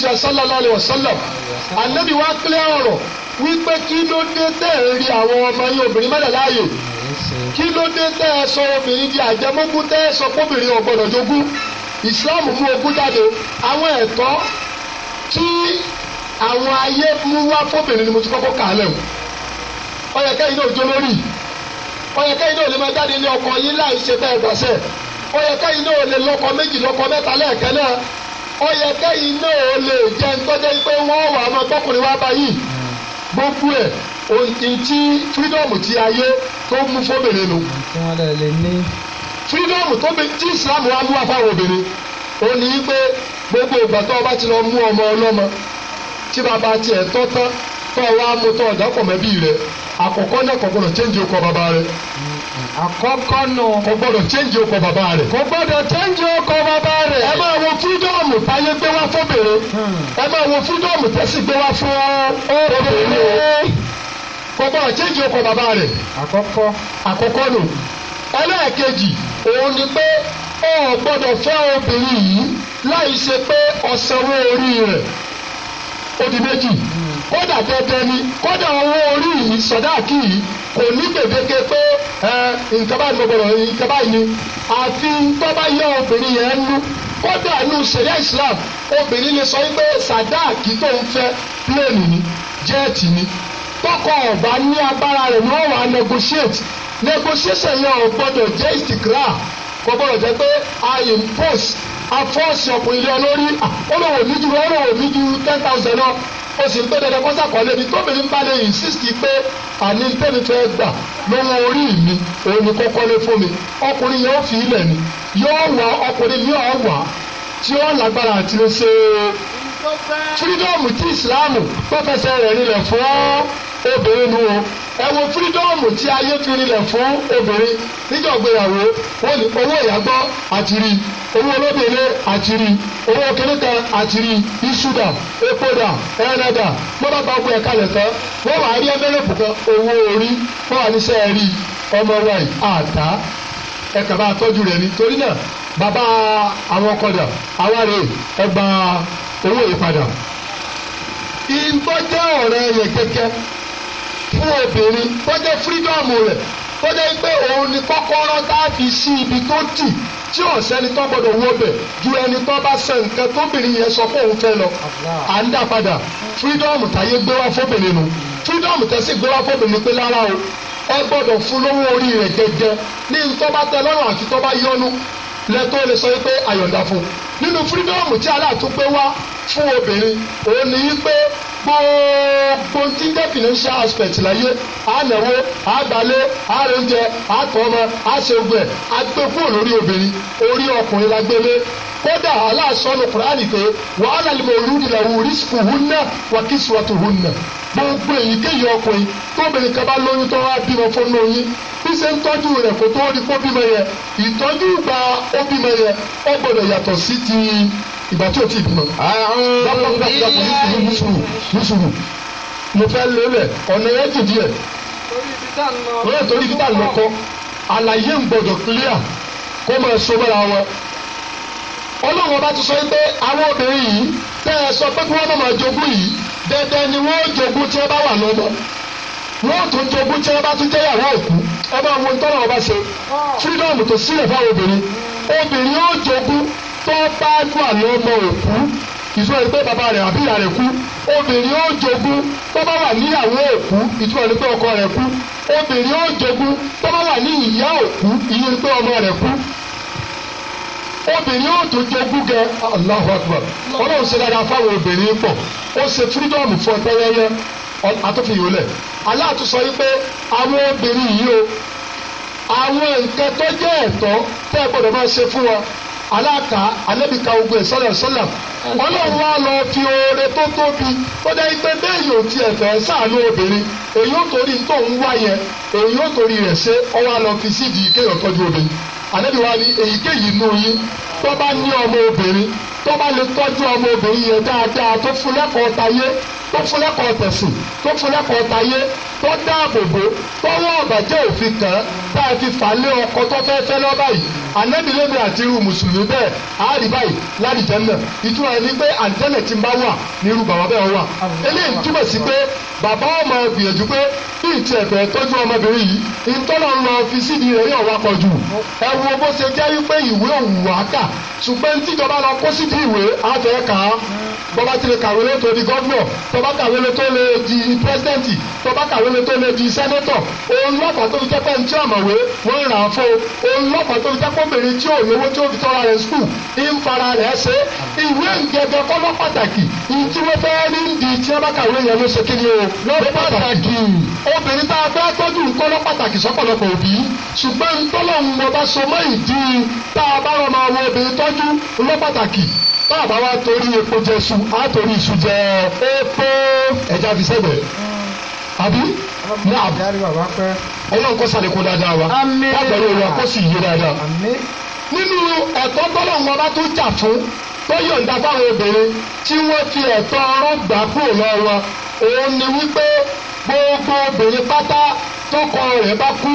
ọmọ yín obìnrin láàyè kí ló dé di àjẹmógún ẹ sọ Islam mú ogún jáde àwọn ẹ̀tọ́ tí àwọn ayé mú wá fóbìnrin ni mo ti kọ́kọ́ kà á lẹ̀ o ó yẹ kẹ́yìn náà jó lórí ó yẹ kẹ́yìn náà lè máa jáde ní ọkọ yín láì ṣe bẹ́ẹ̀ gbàṣẹ́ ó yẹ kẹ́yìn náà lè lọ́kọ méjì lọ́kọ mẹ́ta lẹ́ẹ̀kẹ́ náà ó yẹ kẹ́yìn náà lè jẹ́ ntọ́jẹ́ pé wọ́n wà á máa tọkùnrin wá báyìí gbogbo ẹ̀ ohun tí fídọ́ọ̀mù ti ayé tó mú fóbìnrin nu fírídọ́ọ̀mù tó bẹ tí ìsìlámù wa mú wá fáwọn obìnrin ó ní í pé gbogbo ìgbà tó o bá ti lọ mú ọmọ ọlọ́mọ tí bàbá tiẹ̀ tọ́ tán tó o wá mú tó ọ̀dà fọ̀mẹ́bí rẹ àkọ́kọ́ náà kò gbọ́dọ̀ chẹ́ǹjì ọkọ bàbá rẹ. àkọ́kọ́ nù. kò gbọ́dọ̀ chẹ́ǹjì ọkọ bàbá rẹ. kò gbọ́dọ̀ chẹ́ǹjì ọkọ bàbá rẹ. ẹ máa wo fírídọ́ọ̀mù táyé gbé wá fóbìnrin hmm. ẹ máa wo fírídọ́ọ̀mù tẹ́sí gbé wá fún obìnrin kò gbọ́dọ̀ chẹ́ǹjì ọkọ bàbá rẹ. àkọ́kọ́ àkọ́kọ́ nù ẹlẹ́ẹ̀kejì òun ni pé ó gbọ́dọ̀ fẹ́ obìnrin yìí láì ṣe pé ọ̀sánwó orí rẹ̀ ó di méjì kódà tẹ́tẹ́ ni kódà owó orí yìí sọ̀dáàkì yìí kò ní gbèdéke pé nǹkan báyìí mo gbọ́dọ̀ nǹkan báyìí ni àfi tó bá yẹ obìnrin yẹn nú kódà nù sẹ̀ríà Islam obìnrin lè sọ pé sàdáàkì tó ń fẹ́ pléènì ni jẹ́ẹ̀tì ni tọkọ ọ̀bá ní agbára rẹ̀ ni wọ́n wà negotiate negotiation yẹn ò gbọ́dọ̀ jẹ́ ìsìkìrà kò gbọ́dọ̀ jẹ́ pé i impose afọ́ọ̀sì ọkùnrin lé ọ lórí olówó mi ju olówó mi ju ten thousand lọ o sì ń pé dandan kọ́sà kan lébi tóbìrì ń bá lè insist pé àní tẹ́mi fẹ́ gbà lọ́wọ́ orí mi òun ni kọ́kọ́ lé fún mi ọkùnrin yẹn ó fi ilẹ̀ mi yóò wá ọkùnrin mi ọ̀ wá tí ó lágbára àti ṣe é fírídọ́ọ̀mù tí ìsìláàmù tó fẹsẹ̀ rẹ̀ rinlẹ̀ fún obìnrin nu o ẹ wo fírídọ́ọ̀mù tí ayé fi rinlẹ̀ fún obìnrin níjọ́ ìgbéyàwó wọ́n ní owó ìyàgbọ́ àti rí owó olóbìnrin àti rí owó kérésìtà àti rí ìṣúdà èpòdà ẹ̀rẹ́dà lọ́ba bá gbé ẹ̀ka lẹ̀ tán wọ́n wà á rí ẹ̀mẹ́lẹ́pù kan owó orí wọ́n wà níṣẹ́ rí ọmọ wa yìí àtá ẹ̀ka bá tọ́jú rẹ̀ ni torí náà bàbá àwọn ọkọdà awáre ẹgbà owó ìpadà ìtọ́jẹ́ ọ̀rẹ́ yẹn kẹ́kẹ́ fún obìnrin tọ́jẹ́ fírídọ́ọ̀mù rẹ̀ tọ́jẹ́ pé òun ni kọ́kọ́rọ́ tá a fi sí ibi tó tì tí ọ̀sẹ́ni tó gbọ́dọ̀ wọ bẹ̀ ju ẹni tó bá sẹ nǹkan tóbìnrin yẹn sọ pé òun fẹ́ lọ à ń dá padà fírídọ́ọ̀mù táyé gbé wá fóbìnrin nu fírídọ́ọ̀mù tẹ́sí gbé wá fóbìnrin pé lára o ẹ gbọ́dọ̀ fún lówó orí rẹ̀ gẹ́gẹ́ ní tọ́ba tẹ lọ́rùn àti tọ́ba yọnu lẹ́tọ́ le sọ pé àyọ̀dá fún un nínú fírídọ́ọ̀mù tí aláàtúpẹ́ wá fún obìnrin òun ni pé gbogbo tí jẹ́ financial aspect láyé á náwó á gbalé á rẹ́ńjẹ á tọ́ ọmọ á ṣe ogun ẹ̀ á gbé kúrò lórí obìnrin orí ọkùnrin la gbélé kódà aláàsọ́nù kùránì pé wàhálà lè mọ olúdi la wù rísìkù hùn náà wà kí sùwàtù hùn náà gbogbo èyíkéyìí ọkùnrin tóbìnrin kan bá lóyún tó wá bímọ fún un lóyún bí ṣe ń tọ́jú rẹ̀ kó tó rí kó bímọ yẹn ìtọ́jú gba ó bímọ yẹn ó gbọ́dọ̀ yàtọ̀ sí ti ìgbà tí o ti bímọ. dákun dákun dákun mùsùlù mùsùlù mo fẹ́ lélẹ̀ ọ̀nà yẹn jì díẹ̀. lọ́yẹ̀ torí títà ń lọ kọ́ àlàyé ń gbọ́dọ̀ clear kó máa so mọ́ra wọn. ọlọ́run ọba ti sọ pé àwọn obìnrin yìí tẹ́ ẹ sọ pé kí wọ́n máa jogún yìí dandan ni wọ́n jogún tí wọ́n bá wà lọ́mọ wọ́n tún jogún tí wọ́n bá tún jẹ́yàwó òkú ẹ máa wo tọ́lọ̀ ọba ṣe freedom tó sílẹ̀ fáwọn obìnrin obìnrin ó jogún sọ ṣáájú àlọ́ ọmọ òkú ìṣó ẹni pé bàbá rẹ̀ àbí ìyá rẹ̀ kú obìnrin ó jogún tó bá wà níyàwó òkú ìṣó ẹni pé ọkọ rẹ̀ kú obìnrin ó jogún tó bá wà ní ìyá òkú ìyẹn ni pé ọmọ rẹ̀ kú obìnrin ó tó jogún gẹ Allahu Akbar ọlọ́run ṣe dáadáa fáwọn obìnrin pọ̀ ó ṣe fírídọ́ọ̀mù fún ọpẹ́ yẹyẹ àtúfìyò lẹ̀ aláàtúnṣọ yìí pé àwọn obìnrin yìí o àwọn nǹkan tó jẹ́ ẹ̀tọ́ tẹ́ ẹ gbọ́dọ̀ máa ṣe fún wọn aláàká alẹ́bíkà ogun ìsọ̀lẹ̀ sọ́lẹ̀ ọlọ́run wa lọ fi oore tó tóbi tó jẹ́ pé bẹ́ẹ̀ yóò tiẹ̀ fẹ́ ṣàánú obìnrin èyí ó torí tó ń wá yẹn èyí ó torí rẹ̀ ṣe ọ wa fi sídìí kéèyàn tọ́jú obìnrin alẹ́bí wa ni èyíkéyìí nú yín tó bá ní ọmọ obìnrin tó bá lè tọ́jú ọmọ obìnrin yẹn dáadáa tó fún lẹ́kọ̀ọ́ tayé tó fún lẹ́kọ̀ọ́ tẹ̀sìn tó fún lẹ́kọ̀ọ́ tayé tó dáàbò bò tọ́wọ́ ọ̀bàjẹ́ òfin kàn tá a fi fà lé ọkọ tó fẹ́ fẹ́ lọ́ báyìí anábìlẹ́mi àti irú mùsùlùmí bẹ́ẹ̀ àárí báyìí ládìjẹ́ náà ìtura ẹni pé àǹtẹ́nẹ̀ ti ń bá wà ní irú bàbá bẹ́ẹ̀ wà eléyìí túmọ̀ sí pé bàbá ọmọ gbìyànjú pé bí ìtì ẹ̀fẹ̀ tọ́jú ọmọbìnrin yìí ìtọ́nà ń lọ fi síbi rẹ̀ yóò wá pọ̀jù ẹ wo bó ṣe jẹ́ wípé ìwé òwúwà kà ṣùgbọ́n tíjọba lọ kó síbi ìwé àfẹ́ kà á bọ́bá ti bá kàwé lè tó lè di pírẹsidẹ́ǹtì tó bá kàwé lè tó lè di sẹ́nẹ́tọ̀ òun lọ́kàn tó fi jẹ́ pé ẹni tí ọ̀mọ̀wé wọ́n ń rà á fún òun lọ́kàn tó fi jẹ́ pọ́nbìnrin tí ò yẹwò tí ó fi tọ́ra rẹ̀ skul ń fara rẹ̀ ṣe ìwé ìjẹ̀dẹ̀ kọ́lọ́ pàtàkì ìtí wọ́n fẹ́ rí di tí wọ́n bá kàwé yẹn ló ṣe kí ni o ló pàtàkì obìnrin tá a fẹ́ tọ́jú kọ́lọ́ pàtàkì sọ́pọ̀lọpọ̀ òbí ṣùgbọ́n ntọ́lọ́ bàbá wa torí epo jẹ iṣu á torí iṣu jẹ epo ẹja fi sẹ́gbẹ̀ àbí náà ọlọ́run kó sàlékún dáadáa wa lágbàdo wa kó sì yé dáadáa nínú ẹ̀tọ́ tọ́lọ̀ wọn bá tó jà fún tó yọ̀ǹda fáwọn obìnrin tí wọ́n fi ẹ̀tọ́ ọrùn gbà kúrò lọ́wọ́ òun ni wípé gbogbo obìnrin pátá tó kọ rẹ̀ bá kú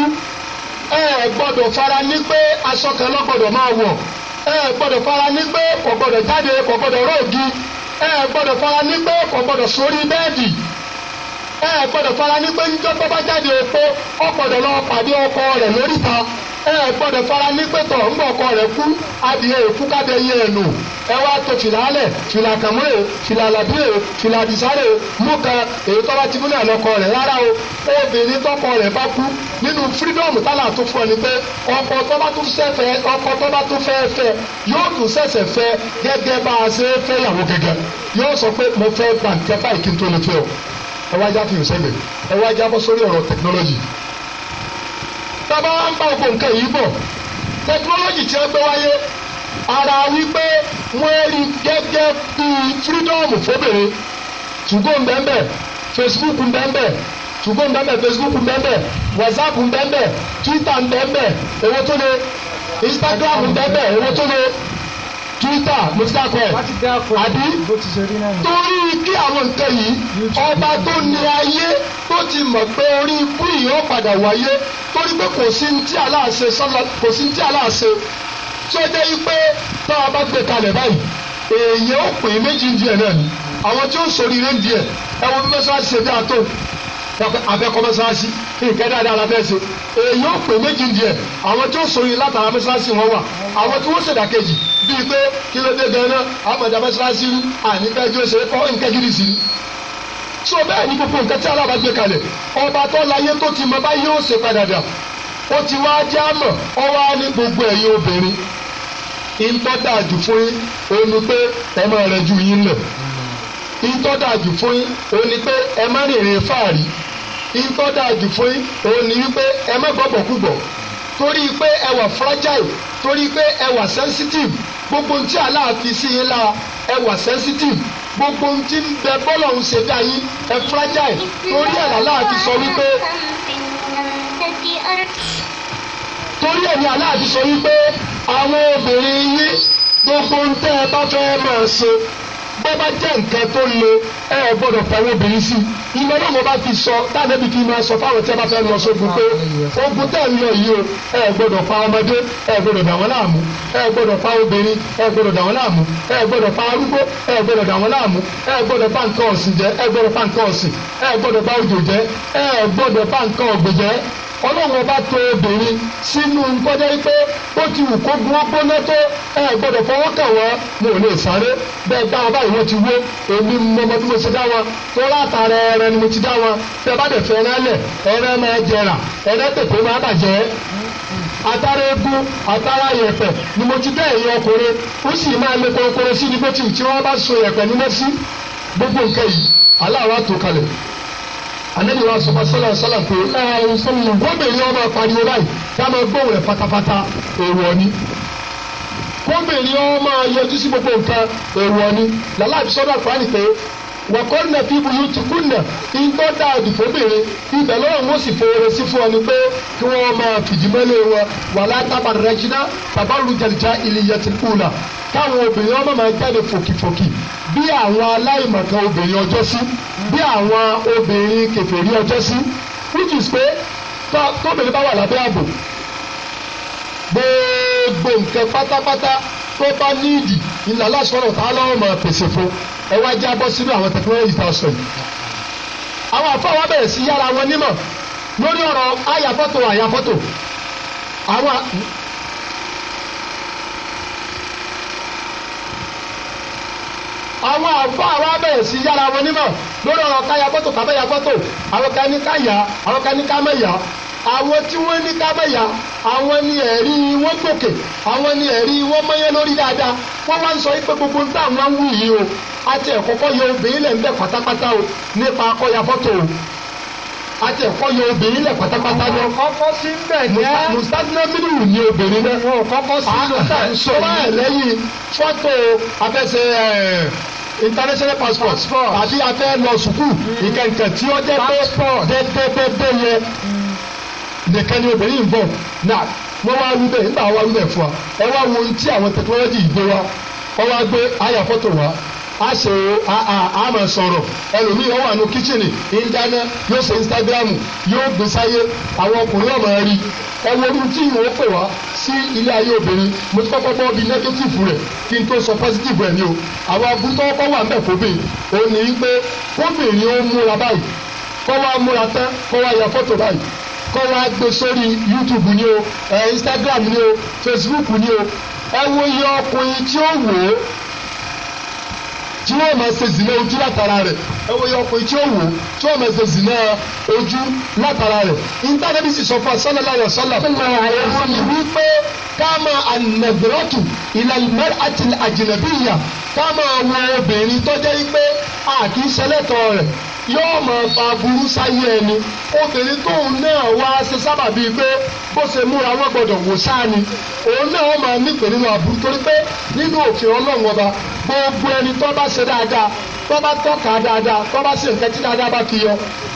ẹ gbọ́dọ̀ fara ní pé aṣọ kan ló gbọ́dọ̀ máa wọ̀ ẹ gbọ́dọ̀ fara ní pé kò gbọ́dọ̀ jáde kò gbọ́dọ̀ róògì ẹ gbọ́dọ̀ fara ní pé kò sórí bẹ́ẹ̀dì ẹ gbọ́dọ̀ fara ní pé níjọ́ tó bá jáde òfo ó gbọ́dọ̀ lọ pàdé ọkọ rẹ̀ lóríta ẹ gbọ́dọ̀ fara ní pé tọ̀ ń bọ̀ ọkọ rẹ̀ kú adìẹ èkú kábẹ yẹ ẹ nù ẹ wá tó fìlà alẹ̀ fìlà kàmúrè e, fìlà làbúrè e, fìlà àdìsárè e, mú kan èyí tó bá ti fúnlẹ̀ lọ́kọ rẹ̀ rárá o obìnrin tọkọ rẹ̀ bá kú nínú fírídọ́ọ̀mù tálà tó fún ọ ni pé ọkọ tó bá tún sẹ́fẹ̀ ọkọ tó bá tún fẹ́ fẹ́ yóò tún sẹ̀sẹ̀ fẹ́ gẹ́gẹ́ bá a ṣe fẹ́yàwó gẹ́gẹ́ yóò sọ pé mo fẹ́ gbàǹkẹ́ báyìí kí n tó lè fẹ́ o ẹ wá já fìyàn sẹ́gbẹ̀ ẹ wá já bọ́ sórí ọ̀rọ̀ tẹkinọ́lọ́jì tábà wá ń bá ọkọ̀ nǹkan yìí bọ̀ tẹkinọ́lọ́jì tí wọ́n gbé wáyé ara wípé wọ́n rí gẹ́gẹ́ bíi fírídọ́ọ̀mù fóbìnrin tùgó ń bẹ́ẹ̀ Facebook ń bẹ́ẹ̀ tùgó ń bẹ́ẹ̀ Facebook ń bẹ́ẹ̀ WhatsApp ń bẹ́ẹ̀ Twitter ń bẹ́ẹ̀ owó tó le Instagram ń bẹ́ẹ̀ owó tó le twitter ló ti dákọ ẹ àbí torí kí àwọn nǹkan yìí ọba tó ní ayé tó ti mọ̀ pé orí ikú yìí ó padà wáyé torí pé kò sí ní tí aláàṣe kò sí ní tí aláàṣe tí ó pé tá a bá gbé kalẹ̀ báyìí èèyàn ó pè é méjì díẹ̀ náà ni àwọn tí ó sòrí rẹ̀ díẹ̀ ẹ wo bí mẹ́sàá ṣe bí a tó afẹ́kọ́ mẹ́sàlásí nǹkan dáadáa la fẹ́ ṣe èyí ó pè méjì ń diẹ àwọn tí ó sori látara mẹ́sàlásí wọn wà àwọn tí wọ́n ṣèdá kejì bíi pé kí ló dé gan-an àmọ̀dá mẹ́sàlásí àníkẹ́jọ́ ṣe kọ́ nǹkan gidi sí i so bẹ́ẹ̀ ni gbogbo nǹkan tí alába gbé kalẹ̀ ọba tó láyé tó ti mọ báyìí yóò ṣe padà dà ó ti wá já mọ̀ ọ wá ní gbogbo ẹ̀yin obìnrin ìtọ́dà jù fún yín òun ni pé ẹ máa rẹ̀ ju yín lẹ̀ ìtọ́dà jù fún yín òun ni pé ẹ má rìnrìn fáàrí ìtọ́jà àjùfún òun ni wípé ẹ má gbọ́bọ̀ kúgbọ̀ torí pé ẹ wà fragile torí pé ẹ wà sensitive gbogbo ntí aláàfin sí yín la ẹ wà sensitive gbogbo ntí bẹ bọ́lọ̀ ń ṣe dá yín ẹ fragile torí ẹ̀ aláàfin sọ wípé torí ẹ̀ ní aláàfin sọ wípé àwọn obìnrin yín gbogbo ntẹ́ bá fẹ́ máa ṣe bó bá jẹ́ nǹkan tó le ẹ ẹ gbọ́dọ̀ fẹ́ràn obìnrin sí ìmọ̀ náà mo bá fi sọ táàbí kí n máa sọ fáwọn tí a bá fẹ́ lọ sógun pé ogun tẹ̀ ń lọ yìí o ẹ gbọ́dọ̀ fa ọmọdé ẹ gbọ́dọ̀ dà wọ́n láàmú ẹ gbọ́dọ̀ fa obìnrin ẹ gbọ́dọ̀ dà wọ́n láàmú ẹ gbọ́dọ̀ fa arúgbó ẹ gbọ́dọ̀ dà wọ́n láàmú ẹ gbọ́dọ̀ fa nǹkan ọ̀sìn jẹ ẹ gbọ́dọ̀ fa nǹkan ọ̀sìn ẹ gbọ́dọ̀ fa òjò jẹ ẹ gbọ́dọ̀ fa nǹkan ọ̀gbìn jẹ ọlọ́run ọba tò obìnrin sínú nkọjá pé ó ti wù kó gun ọgbóná tó ẹ gbọ́dọ̀ fọwọ́ kàn wọ́n mo ò lè sáré bẹ́ẹ̀ gbá wọn báyìí wọ́n ti wó èmi mọmọ bí mo dá wọn tó látara ni mo ti dá wọn bá dẹ̀ fẹ́ ẹran lẹ̀ ẹran máa jẹrà ẹran máa atara atara ni mo ti dá ọkùnrin ó sì máa lé sí bó ti so gbogbo nǹkan yìí aláwa tó kalẹ̀ àlejò wa sọ sọlá sọlá pé gómìnà ọmọ pariwo báyìí ká máa gbóhùn ẹ̀ fatafata èèwọ̀ ni gómìnà ọmọ yọjú sí gbogbo nǹkan èèwọ̀ ni làlàbí sọ́dọ̀ àkùránì pé wọ̀kọ́nà fi ibu yóò ti kúnà ìgbọ́ dáa dùfọ́ bèrè ibẹ̀ lọ́rùn wọn sì fòrè sí fún ọ ni pé kí wọ́n máa fìdímọ́lẹ̀ wọn wà látàbà rẹ́jìnà bàbá olùjẹ̀lìjà ìlìyẹ̀tì kùnà káwọn obìnrin ọmọ máa jáde fòkìfòkì bí àwọn aláìmọ̀kan obìnrin ọjọ́ sí bí àwọn obìnrin kèfèrí ọjọ́ sí which is pé tóbìnrin bá wà lábẹ́ ààbò gbogbo nǹkan pátápátá tó bá níìdì ilà aláṣọ́rọ̀ tá a lọ́wọ́ máa pèsè fún ẹ wá jábọ́ sínú àwọn technology tá a sọ yìí. àwọn àfọwọ́ bẹ̀rẹ̀ sí yára wọn nímọ̀ lórí ọ̀rọ̀ àyàfọ́tò àyàfọ́tò àwọn àwọn àfọ àwọn abẹ́rẹ́ sí yára wọn nímọ̀ lórí ọ̀rọ̀ káyà gbọ́tò kábẹ́yà gbọ́tò àwọn kan ní káyà àwọn kan ní kámẹ́yà àwọn tí wọ́n ní kábẹ́yà àwọn ni ẹ̀rí wọn gbòkè àwọn ni ẹ̀rí wọn mọ́yẹ́ lórí dáadáa wọ́n wá ń sọ pé gbogbo nta àwọn wù yìí o àti ẹ̀kọ́kọ́ yọ obìnrin lẹ́ pátápátá o nípa akọ́yà o àti ẹ̀kọ́ yọ obìnrin lẹ̀ pátápátá lọ. kọ́kọ́ sí bẹ̀ jẹ́. mùsàdínà mílíọ̀nù ni obìnrin lẹ. kọ́kọ́ sí lọ́tà ń sọ. tọ́lá ah, ẹ̀ lẹ́yìn fọ́tò abẹ́sẹ̀ eh, international passport àti afẹ́ lọ sùkúù mm. ìkẹ̀kẹ̀ tí ó jẹ́ pé dẹ́tẹ́tẹ́tẹ́ yẹ mm. nìkan ni obìnrin ń bọ̀ náà wọ́n wá wí bẹ́ẹ̀ nígbà wá wí bẹ́ẹ̀ fún wa ẹ wá wo ohun tí àwọn tẹkinọ́lọ́jì ìgbé wa wọ́n wá gbé àyà wa a ṣe a máa sọ̀rọ̀ ẹlòmíì ọwọ́ àánú kíchìnì ń dáná yóò ṣe Instagram yóò gbé sáyé àwọn ọkùnrin ọmọ rí ọwọ́rú tí ìwọ pè wá sí ilé ayé obìnrin mo ti kọ́kọ́ gbọ́ bí nẹ́gẹ́tìfù rẹ̀ kí n tó sọ pọ́sítìfù rẹ̀ ni o àwọn abúlé ọkọ̀ wà ń bẹ̀ fóbìn ó ní pé kóbìnrin ó múra báyìí kọ́ wá múra tán kọ́ wá ya fọ́tò báyìí kọ́ wá gbé sórí YouTube ni o Instagram ni o Facebook ni o ẹ wo iye ọkùnrin tí ó wò ó tí wọ́n máa ṣe zìnà ojú látara rẹ̀ ẹ wo ọkùnrin tí ó wò tí wọ́n máa ṣe zìnà ojú látara rẹ̀ intanẹ́tì sì sọ fún asọ́lá láyọ̀ sọ́lá fún mi wípé ká máa ànàbìrọ́tù ìlàlùmọ́rì àti àjìnàbíyà ká máa wo obìnrin tó jẹ́ wípé àkíńṣẹ́lẹ́tọ̀ rẹ̀ yóò máa fa burú sáyé ẹni obìnrin tóun náà wá ṣe sábàbí pé bó ṣe múra wọn gbọdọ wò sáà ni òun náà máa nípìn nínú àbúrú torí pé nínú òfin ọlọ́run ọba gbogbo ẹni tó bá ṣe dáadáa tó bá tọ́ka dáadáa tó bá ṣe nǹkan tí dáadáa bá ti yọ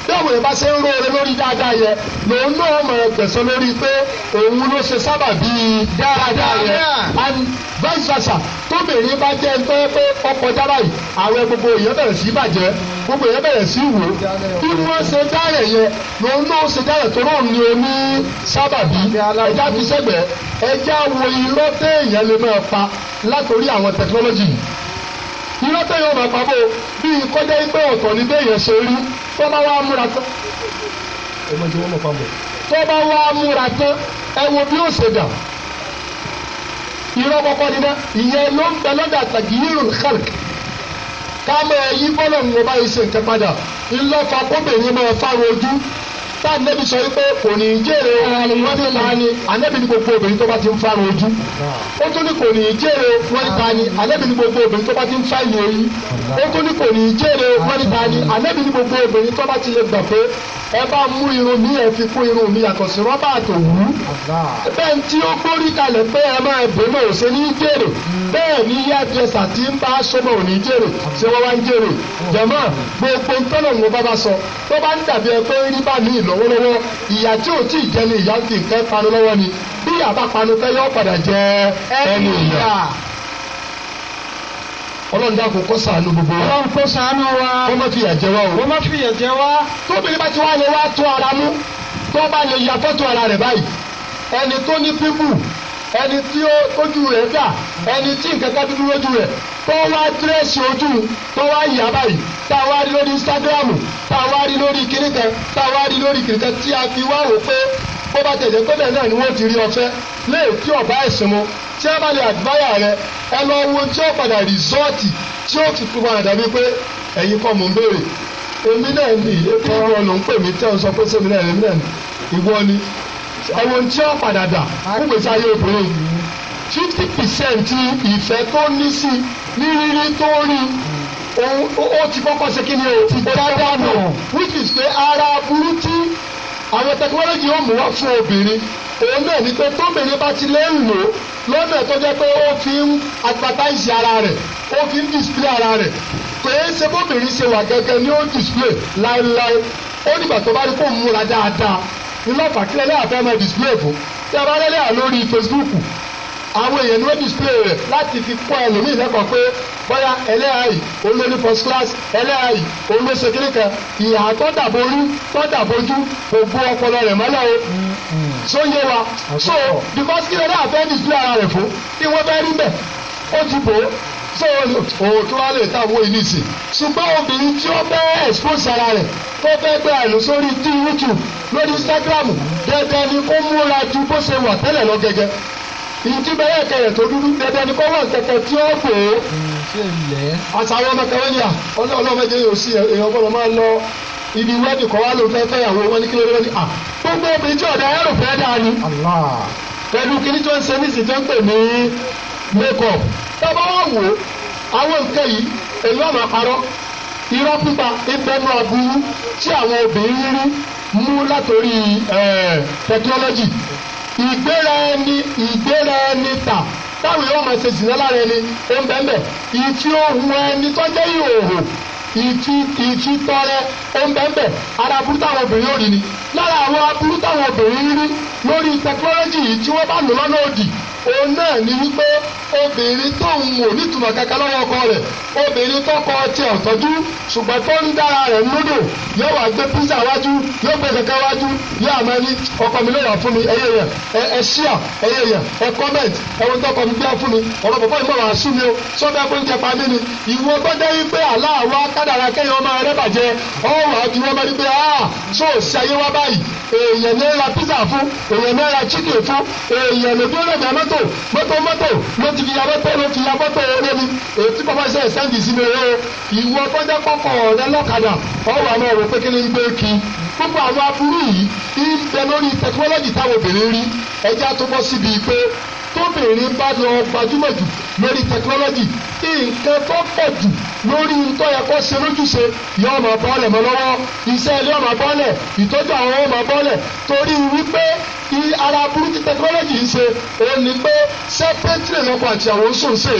bí bá ṣe ń róore lórí dáadáa yẹ lòun náà máa lórí pé òun ló ṣe dáadáa yẹ tóbìnrin gbogbo èèyàn bẹ̀rẹ̀ sí wò bí wọ́n ṣe dárẹ̀ yẹn lòun náà ṣe dárẹ̀ tó náà ní oní sábàbí ẹja fi sẹ́gbẹ̀ ẹja wo irọ́ téèyàn lè máa pa látòrí àwọn tẹkinọ́lọ́jì yìí irọ́ téèyàn máa pa bó bíi kọjá pé ọ̀tọ̀ ni téèyàn ṣe rí tó bá wá múra tán. ọmọ tí tó bá wá múra tán ẹ wo bí ó ṣe dà irọ́ kọ́kọ́ ni náà ìyẹn ló ń bẹ lọ́dà tàgíyìrún kálkì ká máa yí bọ́lọ̀ ní ọba yìí ṣe nǹkan padà ńlọ́fà kóbìnrin máa fáwọn ojú tá ànábì sọ wípé kò ní í jèrè wọ́n ní tani ànábì ní gbogbo obìnrin tó bá ti ń fáwọn ojú ó tún ní kò ní í jèrè wọ́n ní tani ànábì ní gbogbo obìnrin tó bá ti ń fá ìlú oyin ó tún ní kò ní í jèrè wọ́n ní tani ní gbogbo obìnrin tó bá ti lè gbà pé ẹ bá mú irun mi ẹ fi fún irun mi yàtọ̀ sí rọ́bà tó wú. bẹ́ẹ̀ tí ó gbórí kalẹ̀ pé ẹ máa bè mọ̀ ṣe ní jèrè bẹ́ẹ̀ ni yá dẹ́sà tí ń bá sọmọ ò ní jèrè ṣé wọ́n wá ń jèrè. jẹ̀mọ́ gbogbo ntọ́nà wo bá bá sọ tó bá ń dàbí ẹ pé rí bá mi lọ́wọ́lọ́wọ́ ìyá tí ò tí ì jẹ ni ìyá ti fẹ́ panu lọ́wọ́ ni bí ìyá panu fẹ́ yọ padà jẹ ẹni ìyá ọlọ́run dákun kó ṣàánú gbogbo wa. ọlọ́run kó ṣàánú wa. wọ́n má fìyà jẹ wá o. wọ́n má fìyà jẹ wá. tóbìnrin bá ti wá lè wá tó ara mú tó bá lè ya fọ́tò ara rẹ̀ báyìí ẹni tó ní pípù ẹni tí ó tójú rẹ̀ dà ẹni tí nǹkan ká dúdú lójú rẹ̀ tó wá dírẹ́sì ojú tó wá yà báyìí tá a wá rí lórí Instagram tá a wá rí lórí kìnìkan tá a wá rí lórí kìnìkan tí a fi wá wò pé bó bá tẹ̀lé pẹ́lẹ́ náà ni wọ́n ti rí ọfẹ́ léè kí ọ̀bá ẹ̀sìn mu tí a bá lè àdìbáyà rẹ ẹ lọ wo tí ó padà rìsọ́ọ̀tì tí ó fi fún wa dàbí pé ẹ̀yin kọ́ mò ń béèrè èmi náà ni èkó ọ̀rọ̀ ló ń pè mí tẹ́ ń sọ pé sẹ́mi náà èmi náà ìwọ ni àwọn tí ó padà dà fún gbèsè ayé obìnrin fifty percent ìfẹ́ tó ní sí ní rírí tó rí ó ti kọ́kọ́ ṣe kí ni o ti dá dànù which is pé ara burú tí àwọn tẹkinọ́lọ́jì yóò mú wá fún obìnrin òun náà ní pé tóbìnrin bá ti lè ń lò ó lọ́nà tó jẹ́ pé ó fi ń advertise ara rẹ̀ ó fi ń display ara rẹ̀ pé ṣe bóbìnrin ṣe wà gẹ́gẹ́ ni ó ń display láéláé ó nígbà tó bá rí kó múra dáadáa ńlọ́fà kílẹ̀ lẹ́yà fẹ́ mọ display fún tí a bá rẹ́lẹ́yà lórí Facebook àwọn èèyàn ni wọ́n display rẹ̀ láti fi kọ́ ẹlòmíì lẹ́kọ̀ọ́ pé bóyá ẹlẹ́yà yìí òun ló ní first class ẹlẹ́yà yìí òun ló ṣe kiri kan ìhà tó dàborí tó dàbojú kò bó ọpọlọ rẹ̀ mọ́lẹ̀ o so yé wa so because kí lóde àfẹ́ display ara rẹ̀ fún kí wọ́n bẹ́ẹ̀ rí bẹ́ẹ̀ ó ti bò ó so òun tó wá lè tàwọn èyí nìsí ṣùgbọ́n obìnrin tí ó fẹ́ expose ara rẹ̀ tó fẹ́ gbé àìlú sórí youtube lórí instagram dandan ni kó múra ju bó ṣe wà tẹ́lẹ̀ lọ gẹ́gẹ́ ìtì bẹ́ẹ̀ kẹ̀yẹ̀ tó dúdú dẹ́dẹ́ ni kọ́ wọ́n kẹ̀kẹ́ tí ó fò ó. àtàwọn ọmọ kan wọ́n yà ọlọ́mọdé yóò sí èèyàn gbọ́dọ̀ máa lọ ibi wẹ́ẹ̀dì kọ́ wá ló fẹ́ fẹ́yàwó wọn ní kílódé wọn ni à gbogbo obìnrin tí ọ̀dà ẹ̀rù fẹ́ dáa ni. pẹ̀lú kí ni tó ń ṣe ní ìsìn tó ń pè ní makeup tọ́ba wọn wò àwọn nǹkan yìí èyí wọn máa parọ́ irọ́ pípa ìbẹ́nu aburú tí àwọn obìnrin rí mú látòrí tẹkinọ́lọ́jì ìgbéra ẹni ìgbéra ẹni tà táwọn yóò máa ṣe jìnnà lára ẹni ó ń bẹ́ẹ̀ ìtì ohun ẹni tó jẹ́ ìhòòhò ìtì ìtì tọrẹ ó ń bẹ́ẹ̀ ara aburú táwọn obìnrin yóò rí ni lára àwọn aburú táwọn obìnrin rí lórí tẹkinọ́lọ́jì yìí tí wọ́n bá lò lọ́nà òdì òun náà ni wípé obìnrin tóun ò nítumọ̀ kankan lọ́wọ́ ọkọ rẹ̀ obìnrin tọkọ tiẹ̀ ọ̀tọ́jú ṣùgbọ́n tó ń dára rẹ̀ lódò yóò wá gbé písà wájú yóò gbé kankan wájú yóò àmọ́ ní ọkọ mi ló rà fún mi ẹ̀yẹ yẹn ẹ ṣíà ẹ̀yẹ yẹn ẹ kọ́mẹ̀tì ẹ̀wọ̀n tọkọ mi gbé fún mi ọ̀rọ̀ bọ̀bọ̀ yìí mọ̀ wá sí mi o sọ́dọ̀ ẹ̀kọ́ ń jẹpa mí ni ìwọ gbọ́dọ̀ yìí pé aláwa kádàrà kẹ́yìn ọmọ rẹ bàjẹ́ ọ̀wọ́ àti wọ́n bá rí pé ah so ṣe ayé wá báyìí èèyàn náírà písà fún èèyàn náírà chicken fún èèyàn lè dúró lẹ́gbẹ̀ẹ́ mọ́tò mọ́tò mọ́tò ló ti fi ya mọ́tò ló ti ya mọ́tò olómi èyí tí bàbá iṣẹ́ ìsẹ́ǹdì sí mi rẹ ìwọ tọ́jà kọ́kọ́ rẹ lọ́kadà ọwọ́ àwọn ọ̀rọ̀ pé kíni ń gbé kí gbogbo àwọn aburú yìí ń bẹ lórí tẹkinọ́lọ́jì táwọn obìnrin rí ẹja tó bọ́ síbi pé tóbìnrin bá lọ gbajúmọ̀ jù lórí tẹkinọ́lọ́jì nǹkan tó pọ̀ jù lórí tó yẹ kó ṣe lójúṣe yóò máa bọ́ọ̀lẹ̀ mọ́ lọ́wọ́ iṣẹ́ ilé ọmọ bọ́ọ̀lẹ̀ ìtọ́jú àwọn ọmọ bọ́ọ̀lẹ̀ torí wípé ara burúkú tẹkinọ́lọ́jì ń ṣe òun ni pé sẹ́pẹ́tìrì lọ́kọ̀ àti àwọn oṣù ń ṣe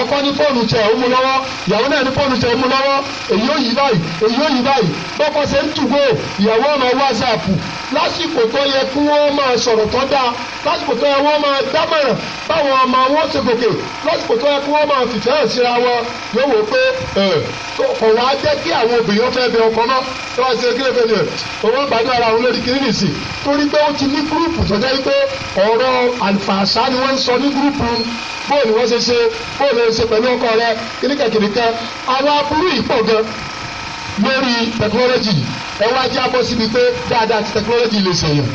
ọkọ ní fóònù tẹ ó mú lọ́wọ́ ìyàwó náà ní fóònù tẹ ó mú lọ́wọ́ èyí ò yí báyìí èyí ò yí báyìí bọ́kọ ṣe ń tùgbò ìyàwó ọmọ wásaàpù lásìkò tó yẹ kí wọ́n máa sọ̀rọ̀ tó dáa lásìkò tó yẹ wọ́n máa dámọ̀ràn báwọn ọmọ wọn ṣe gòkè lásìkò tó yẹ kí wọ́n máa fìfẹ́ náà síra wọn yóò wò pé kò wá kí àwọn obìnrin fẹ́ bẹ ọkọ náà tó wá sí kílẹ̀ fẹ́ẹ́ òun ń gbàdúrà ara òun lórí kìnìún torí pé ó ti ní gúrùpù tó jẹ́ pé ọ̀rọ̀ àlùfàṣà ni wọ́n ń sọ ní gúrùpù bóòlù wọ́n ṣe ṣe bóòlù ẹ̀ ṣe pẹ̀lú ọkọ rẹ kìnìkàkìnìkan àwọn aburú ìpọ̀ gan lórí tẹkinọ́lọ́jì ẹ̀ wá abọ́ síbi pé dáadáa ti tẹkinọ́lọ́jì lè ṣèyàn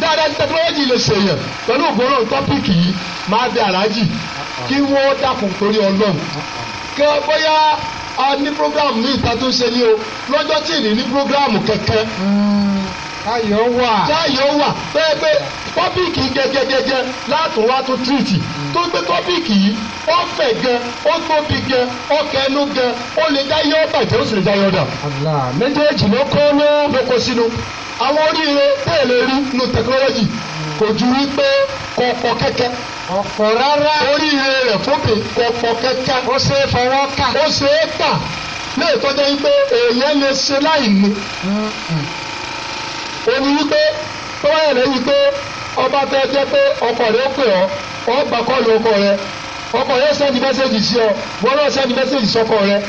dáadáa ní tẹkinọ́lọ́jì lè ṣèyàn pẹ̀lú ògbóràn tọ́pìkì yìí máa bẹ aláàjì kí wọ́n dàkún torí ọlọ́run kí wọ́n bóyá a ní program ní ìta tó ń ṣe ní o lọ́jọ́ tí ì ní ní program kẹ̀kẹ́ káyọ̀ wà. káyọ̀ wà bẹ́ẹ̀ pé tọ́pìkì gẹ́gẹ́gẹ́gẹ́ látún wá tún tírìtì tó gbé tọ́pìkì yìí ó fẹ̀ gan ó tóbi gan ó kẹnu gan ó lè dá yọ̀ bàjẹ́ ó sì lè dá yọ̀ dà. méjèèjì ló kọ́ ló ló kó sínú àwọn oríire bẹ́ẹ̀ lè rí nínú tẹkinọ́lọ́jì kò ju wípé kò pọ̀ kẹ́kẹ́. ọ̀pọ̀ rárá. oríire rẹ̀ fókè kò pọ̀ kẹ́kẹ́. ó ṣe é fọwọ́ kà. ó ṣe é kà léè tó jẹ́ wípé èèyàn lè ṣe láì ní. ó ní wípé tó wáyà lẹ́yìn pé ọba tẹ jẹ́ pé ọkọ rẹ̀ ó pè ọ́ ọ́ gbà kọ́ọ̀lù ọkọ rẹ̀ ọkọ rẹ̀ sẹ́ni mẹ́sẹ́jì sí ọ bọ́lá sẹ́ni mẹ́sẹ́jì sọ́kọ rẹ̀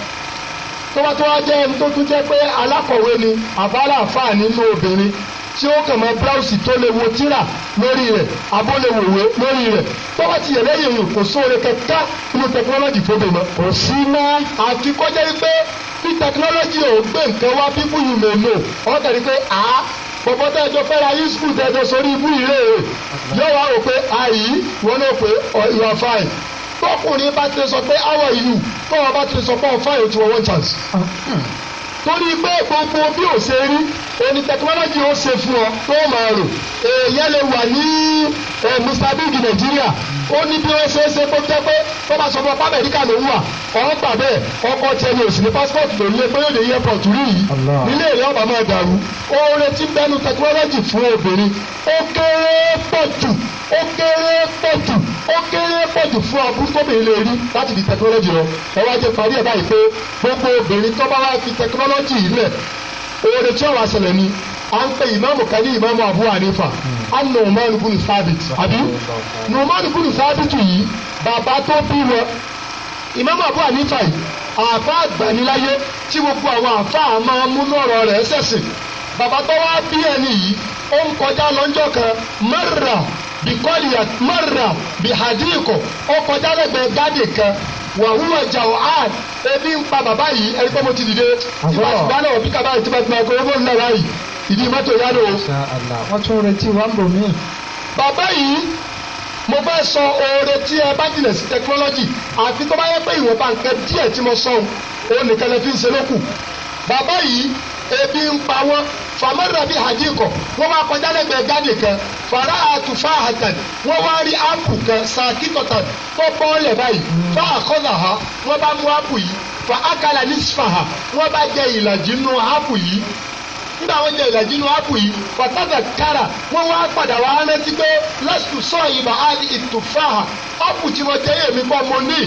tó bá tó wá jẹ́ ẹni tó tún jẹ́ pé alákọ̀wé ni àfárá àfáà nínú obìnrin tí ó kàn mọ́ bíláùsì tó lè wo tírà lórí rẹ̀ abólewòwe lórí rẹ̀ tó bá ti yẹ lẹ́yìn òyìn kò sóore kẹta nínú tẹkinọ́lọ́jì fóde mọ́. kò sí ná àti kọjá wípé bí tẹkinọ́lọ́jì ò gbé nǹkan wá bí búyù lè lò ọ́ tẹ̀lé pé a bọ̀bọ̀ tẹ́ ẹjọ́ fẹ́ra yín skul tẹ́ ẹjọ́ sórí ibú ìrè yóò wá rò pé àyí wọn náà pé you are fine tọkùnrin bá ti sọ pé how are you tọwọ bá ti sọ pé ọ fáyọ tí one chance. Ah. Hmm. torí pé gbogbo bí ò ṣe rí òní tẹkinọ́lọ́jì ó ṣe fún ọ tó máa rò èèyàn lè wà ní eh, Mr Big Nàìjíríà ó ní bí wọ́n ṣe é ṣe kókẹ́ pé tó bá sọ fún ọpá Amẹ́ríkà ló wà ọ̀hún gbà bẹ́ẹ̀ ọkọ̀ tiẹ̀ ní òsì ní pásítọ̀tù tó lé bóyá òde airport rí yìí nílé ìlú ọba máa dàrú ó retí bẹ́nu tẹkinọ́lọ́jì fún obìnrin ó kéré pọ̀ jù ó kéré pọ̀jù ó kéré pọ̀jù fún ọdún tóbìnrin lè rí láti di tẹkinọ́lọ́jì lọ ẹ wá jẹ́ parí ẹ̀ báyìí pé gbogbo obìnrin tó bá wá fi tẹkinọ́lọ́jì yìí lẹ̀ oore tí wàá ṣẹlẹ̀ ni à ń pe ìmáàmù kan ní ìmáàmù Abu Hanifa an Nu'man ibn Thabit àbí Nu'man ibn Thabit yìí bàbá tó bí wọn ìmáàmù Abu Hanifa yìí àfa àgbàniláyé tí gbogbo àwọn àfa àmọ́ múlọ̀rọ̀ rẹ̀ ṣẹ̀sìn bàbá tó wá bí ẹni yìí ó ń kọjá lọ́jọ́ kan mẹ́rà bíkọ́lìyà mẹ́rà bíhadíkọ̀ ó kọjá lẹ́gbẹ̀ẹ́ gádì kan wàhùwà jàwáàd ebi ń pa bàbá yìí ẹni pé mo ti dìde ìbáṣubálẹ̀ òbí kaba yìí tí wọ́n ti máa gbowó ńlá báyìí ìdí mọ́tò yá lò. wọ́n tún retí wa ń bò mí. bàbá yìí mo fẹ́ sọ oore tí ẹ bá jìnà sí tẹkinọ́lọ́jì àti tó bá yẹ pé ìwọ̀nba nǹkan díẹ̀ tí mo sọ òun nìkan lè fi ń ṣe lókù bàbá yìí ebi ń pa wọn hadi hajikọ wọn wá kọjá lẹ́gbẹ̀ẹ́ gáde kan fara atufa àtàn wọn wá rí áàpù kan sàkítọ̀tàn tó bọ́ọ̀lẹ̀ báyìí fún àkọ́là ha wọn bá mú áàpù yìí fún akala nísfàhà wọn bá jẹ ìlàjì nù apu, yìí nígbà wọn jẹ ìlàjì nù áàpù yìí fàtàtà kára wọn wá padà wá rántí pé lẹ́sùn sọ ìmọ̀ àti ìtùfàhà áàpù tí wọ́n jẹ́ èmi kọ́ mo ní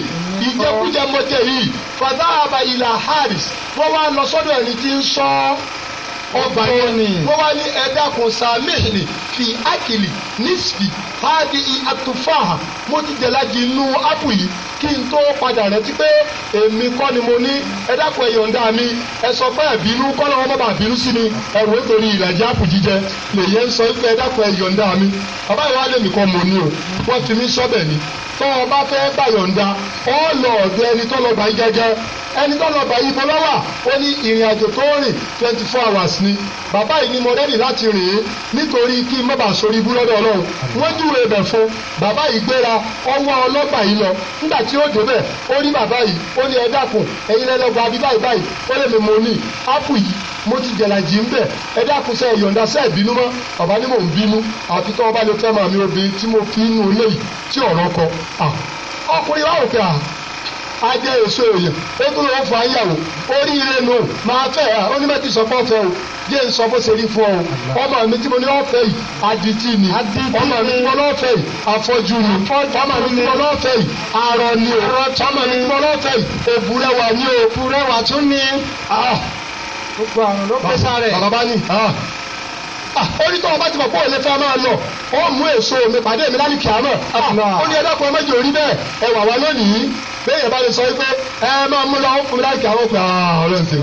yìí jẹkújẹ mọ́jẹ yìí fàdá àbá ìlà haris wọ́n wá lọ sọ́dọ̀ ẹni tí ń sọ ọgbà yẹn wọ́n wá ní ẹ̀dá kan sàmìhìnì fi ákìlì nísìkì fáàdì àtúfàhà mo ti jẹ̀lájì inú ápù yìí kí n tó padà rántí pé èmi kọ́ ni mo ní ẹ̀dá kan ẹ̀yọ̀ǹda mi ẹ sọ pé ẹ̀bínú kọ́ lọ́wọ́ má bàa bínú sí mi ẹ̀rù nítorí ìlàjì ápù jíjẹ lèyẹ ń sọ pé ẹ̀dá kan ẹ̀yọ̀ǹda mi bàbá ìwádìí mi kọ́ mo ní o wọ́n fi mí sọ́bẹ̀ ni tó o bá fẹ́ gbàyọ̀ǹda ọ lọ ọ̀dọ̀ ẹni tó lọ bá yí ẹni tó lọ bá yí bọ́lọ́wà ó ní ìrìn àjò tó rìn twenty four hours ni bàbá yìí ni mo rẹ́rì láti rìn ín nítorí kí n má bàa sori wọ́n ibẹ̀ fún bàbá yìí gbéra ọwọ́ ọlọ́gbà yìí lọ nígbà tí ó ó rí ní ẹ̀yin ní ẹ sẹ́ sẹ́ Ah, ọkùnrin wa ò pé à á jẹ èso èèyàn ó tún lọ́ọ́ fún ayàwó oríire nù máa fẹ́ ẹ onímọ̀tì sọ́kọ́ fẹ́ o jẹ́ ń sọ bó ṣe rí fún ọ ọmọ mi tí mo ní ọ̀fẹ́ yìí adití ni ọmọ mi tí mo lọ́fẹ́ yìí afọ́jú ni ọmọ mi tí mo lọ́fẹ́ yìí arọ ni o ọmọ mi tí mo lọ́fẹ́ yìí òbúrẹ́wà ni o òbúrẹ́wà tún ni. Ah. gbogbo àrùn ló pèsè rẹ̀. bàbá bá ní. Ah onítọ̀ ah, ọba ti mọ̀ pé òun fẹ́ máa lọ ó mú èso mi pàdé mi lálẹ́ kìá náà ó ní ẹlẹ́kùn ọmọdé orí bẹ́ẹ̀ ẹ wà wá lónìí bẹ́ẹ̀ bá lè sọ pé ẹ máa mú lọ fún mi lálẹ́ kìá náà pé ọlọ́run ti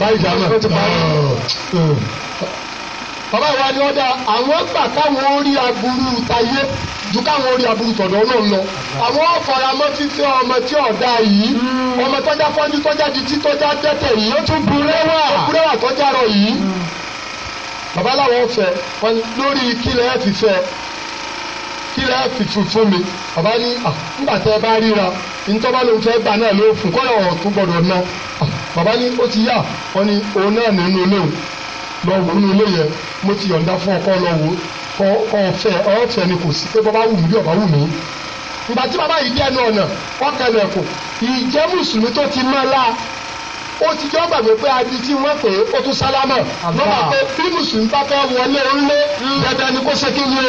báyìí kìá náà ah, bàbá ìwà ni ọ̀dà àwọn gbà káwọn orí aburú tayé ju káwọn orí aburú tọ̀dọ̀ ọlọ́run lọ. àwọn ọ̀fọ̀ramọ́ fífẹ́ ọmọ tí ọ̀dà yìí hmm. ọmọ tọ́já fọ́njú tọ́já di tí tọ́já tẹ́tẹ̀ yìí ó tún burẹ́wà burẹ́wà tọ́já rọ yìí. Hmm bàbá làwọn fẹ́ wọn lórí kílẹ̀ ẹ̀ fi fẹ́ kílẹ̀ ẹ̀ fi fún mi bàbá ní nígbà tẹ́ ẹ bá ríra ntọ́ba ló ń fẹ́ gbà náà ló fún kọ́lọ̀ ọ̀rọ̀ tó gbọ́dọ̀ ná bàbá ní ó ti yá wọn ni òun náà nínú ilé o lọ wò nínú ilé yẹn mo ti yọ̀ǹda fún ọkọ lọ wò kọ ọ̀fẹ́ ọ̀fẹ́ ni kò sí pé bàbá wù mí bí ọ̀bá wù mí ìgbà tí bàbá yìí dẹ́nu ọ̀nà ọ̀kẹ́lẹ̀kùn ìjẹ́ mùsùlùmí tó ti mọ́ la ó ti jọ́ gbàgbé pé adi tí wọ́n pè é ó tún sálámà lọ́wọ́ pé bí mùsùlùmí bá fẹ́ wọlé orílẹ̀ hmm. dandan ni kó ṣe kí ni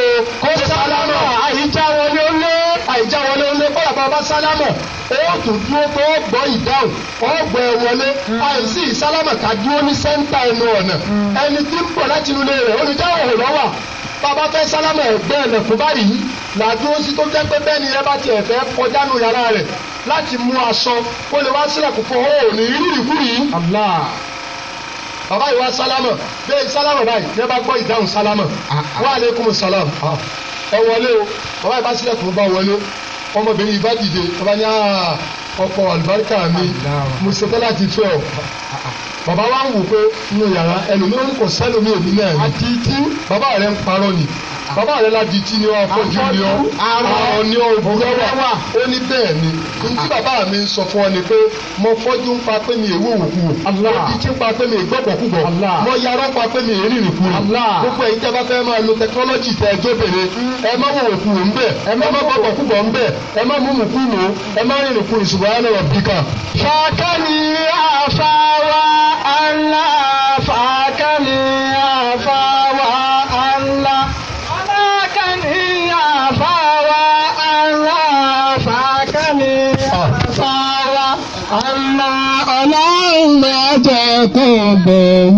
o kó sálámà àyíjá wọlé orílẹ̀ àyíjá wọlé orílẹ̀ kó làbá bá sálámà ó tún dúró pé ó gbọ́ ìdáhùn ó gbọ́ ẹ wọlé hmm. àìsí ìsálámà ká dúró ní sẹ́ńtà ẹnu ọ̀nà hmm. ẹni tí ń bọ̀ láti inú ilé rẹ̀ olùdáhùn ọ̀hún lọ́wà bàbá fẹ́ sálámà ẹ̀gbẹ́ ẹ̀nà fún báyìí làdúró sí tó jẹ́ pé bẹ́ẹ̀ ni ẹ bá tiẹ̀ fẹ́ kọjá nù yàrá rẹ̀ láti mú aṣọ ó lè wá sílẹ̀kùn fún ọ́ òní rírìkúrì. bàbá yìí wá sálámà bẹ́ẹ̀ sálámà báyìí ní ẹ bá gbọ́ ìdáhùn sálámà ah, ah. wa alaikum salam ah. ẹ wọlé o bàbá yìí bá sílẹ̀kùn bá wọlé ọmọbìnrin yìí bá dìde bàbá ní ọkọ àlùbáríkà mi mo ṣetán láti fẹ́ ọ bàbá wa ń wò pé nínú yàrá ẹlòmíràn kò sẹ́lòmíràn mi náà ni bàbá rẹ̀ ń parọ́ ni bàbá rẹ̀ ládìtì ni ọ́ afọ́jú ni ọ́ àrùn ni ọ́ òbúrọ̀ wà ó ní bẹ́ẹ̀ ni ntí ah. bàbá mi sọ fún ọ ni pé mo fọ́jú ń pa pé mi èwo òkú mo dìtì ń pa pé mi ìgbọ́kọ̀kúgbọ̀ mo yarọ́ pa pé mi ìrìn ìkú gbogbo ẹ̀yin tẹ́ bá fẹ́ máa lo tẹkinọ́lọ́jì tẹ́ ẹ jóbìnrin ẹ má wò òkú ń bẹ̀ ẹ má gbọ́kọ̀kúgbọ̀ ń bẹ̀ ẹ má mú mùkú mú ẹ má rìn ìkú ìṣùgbọ́n fàákàní àfáwá ńlá fàákàní àfáwá. وتقبل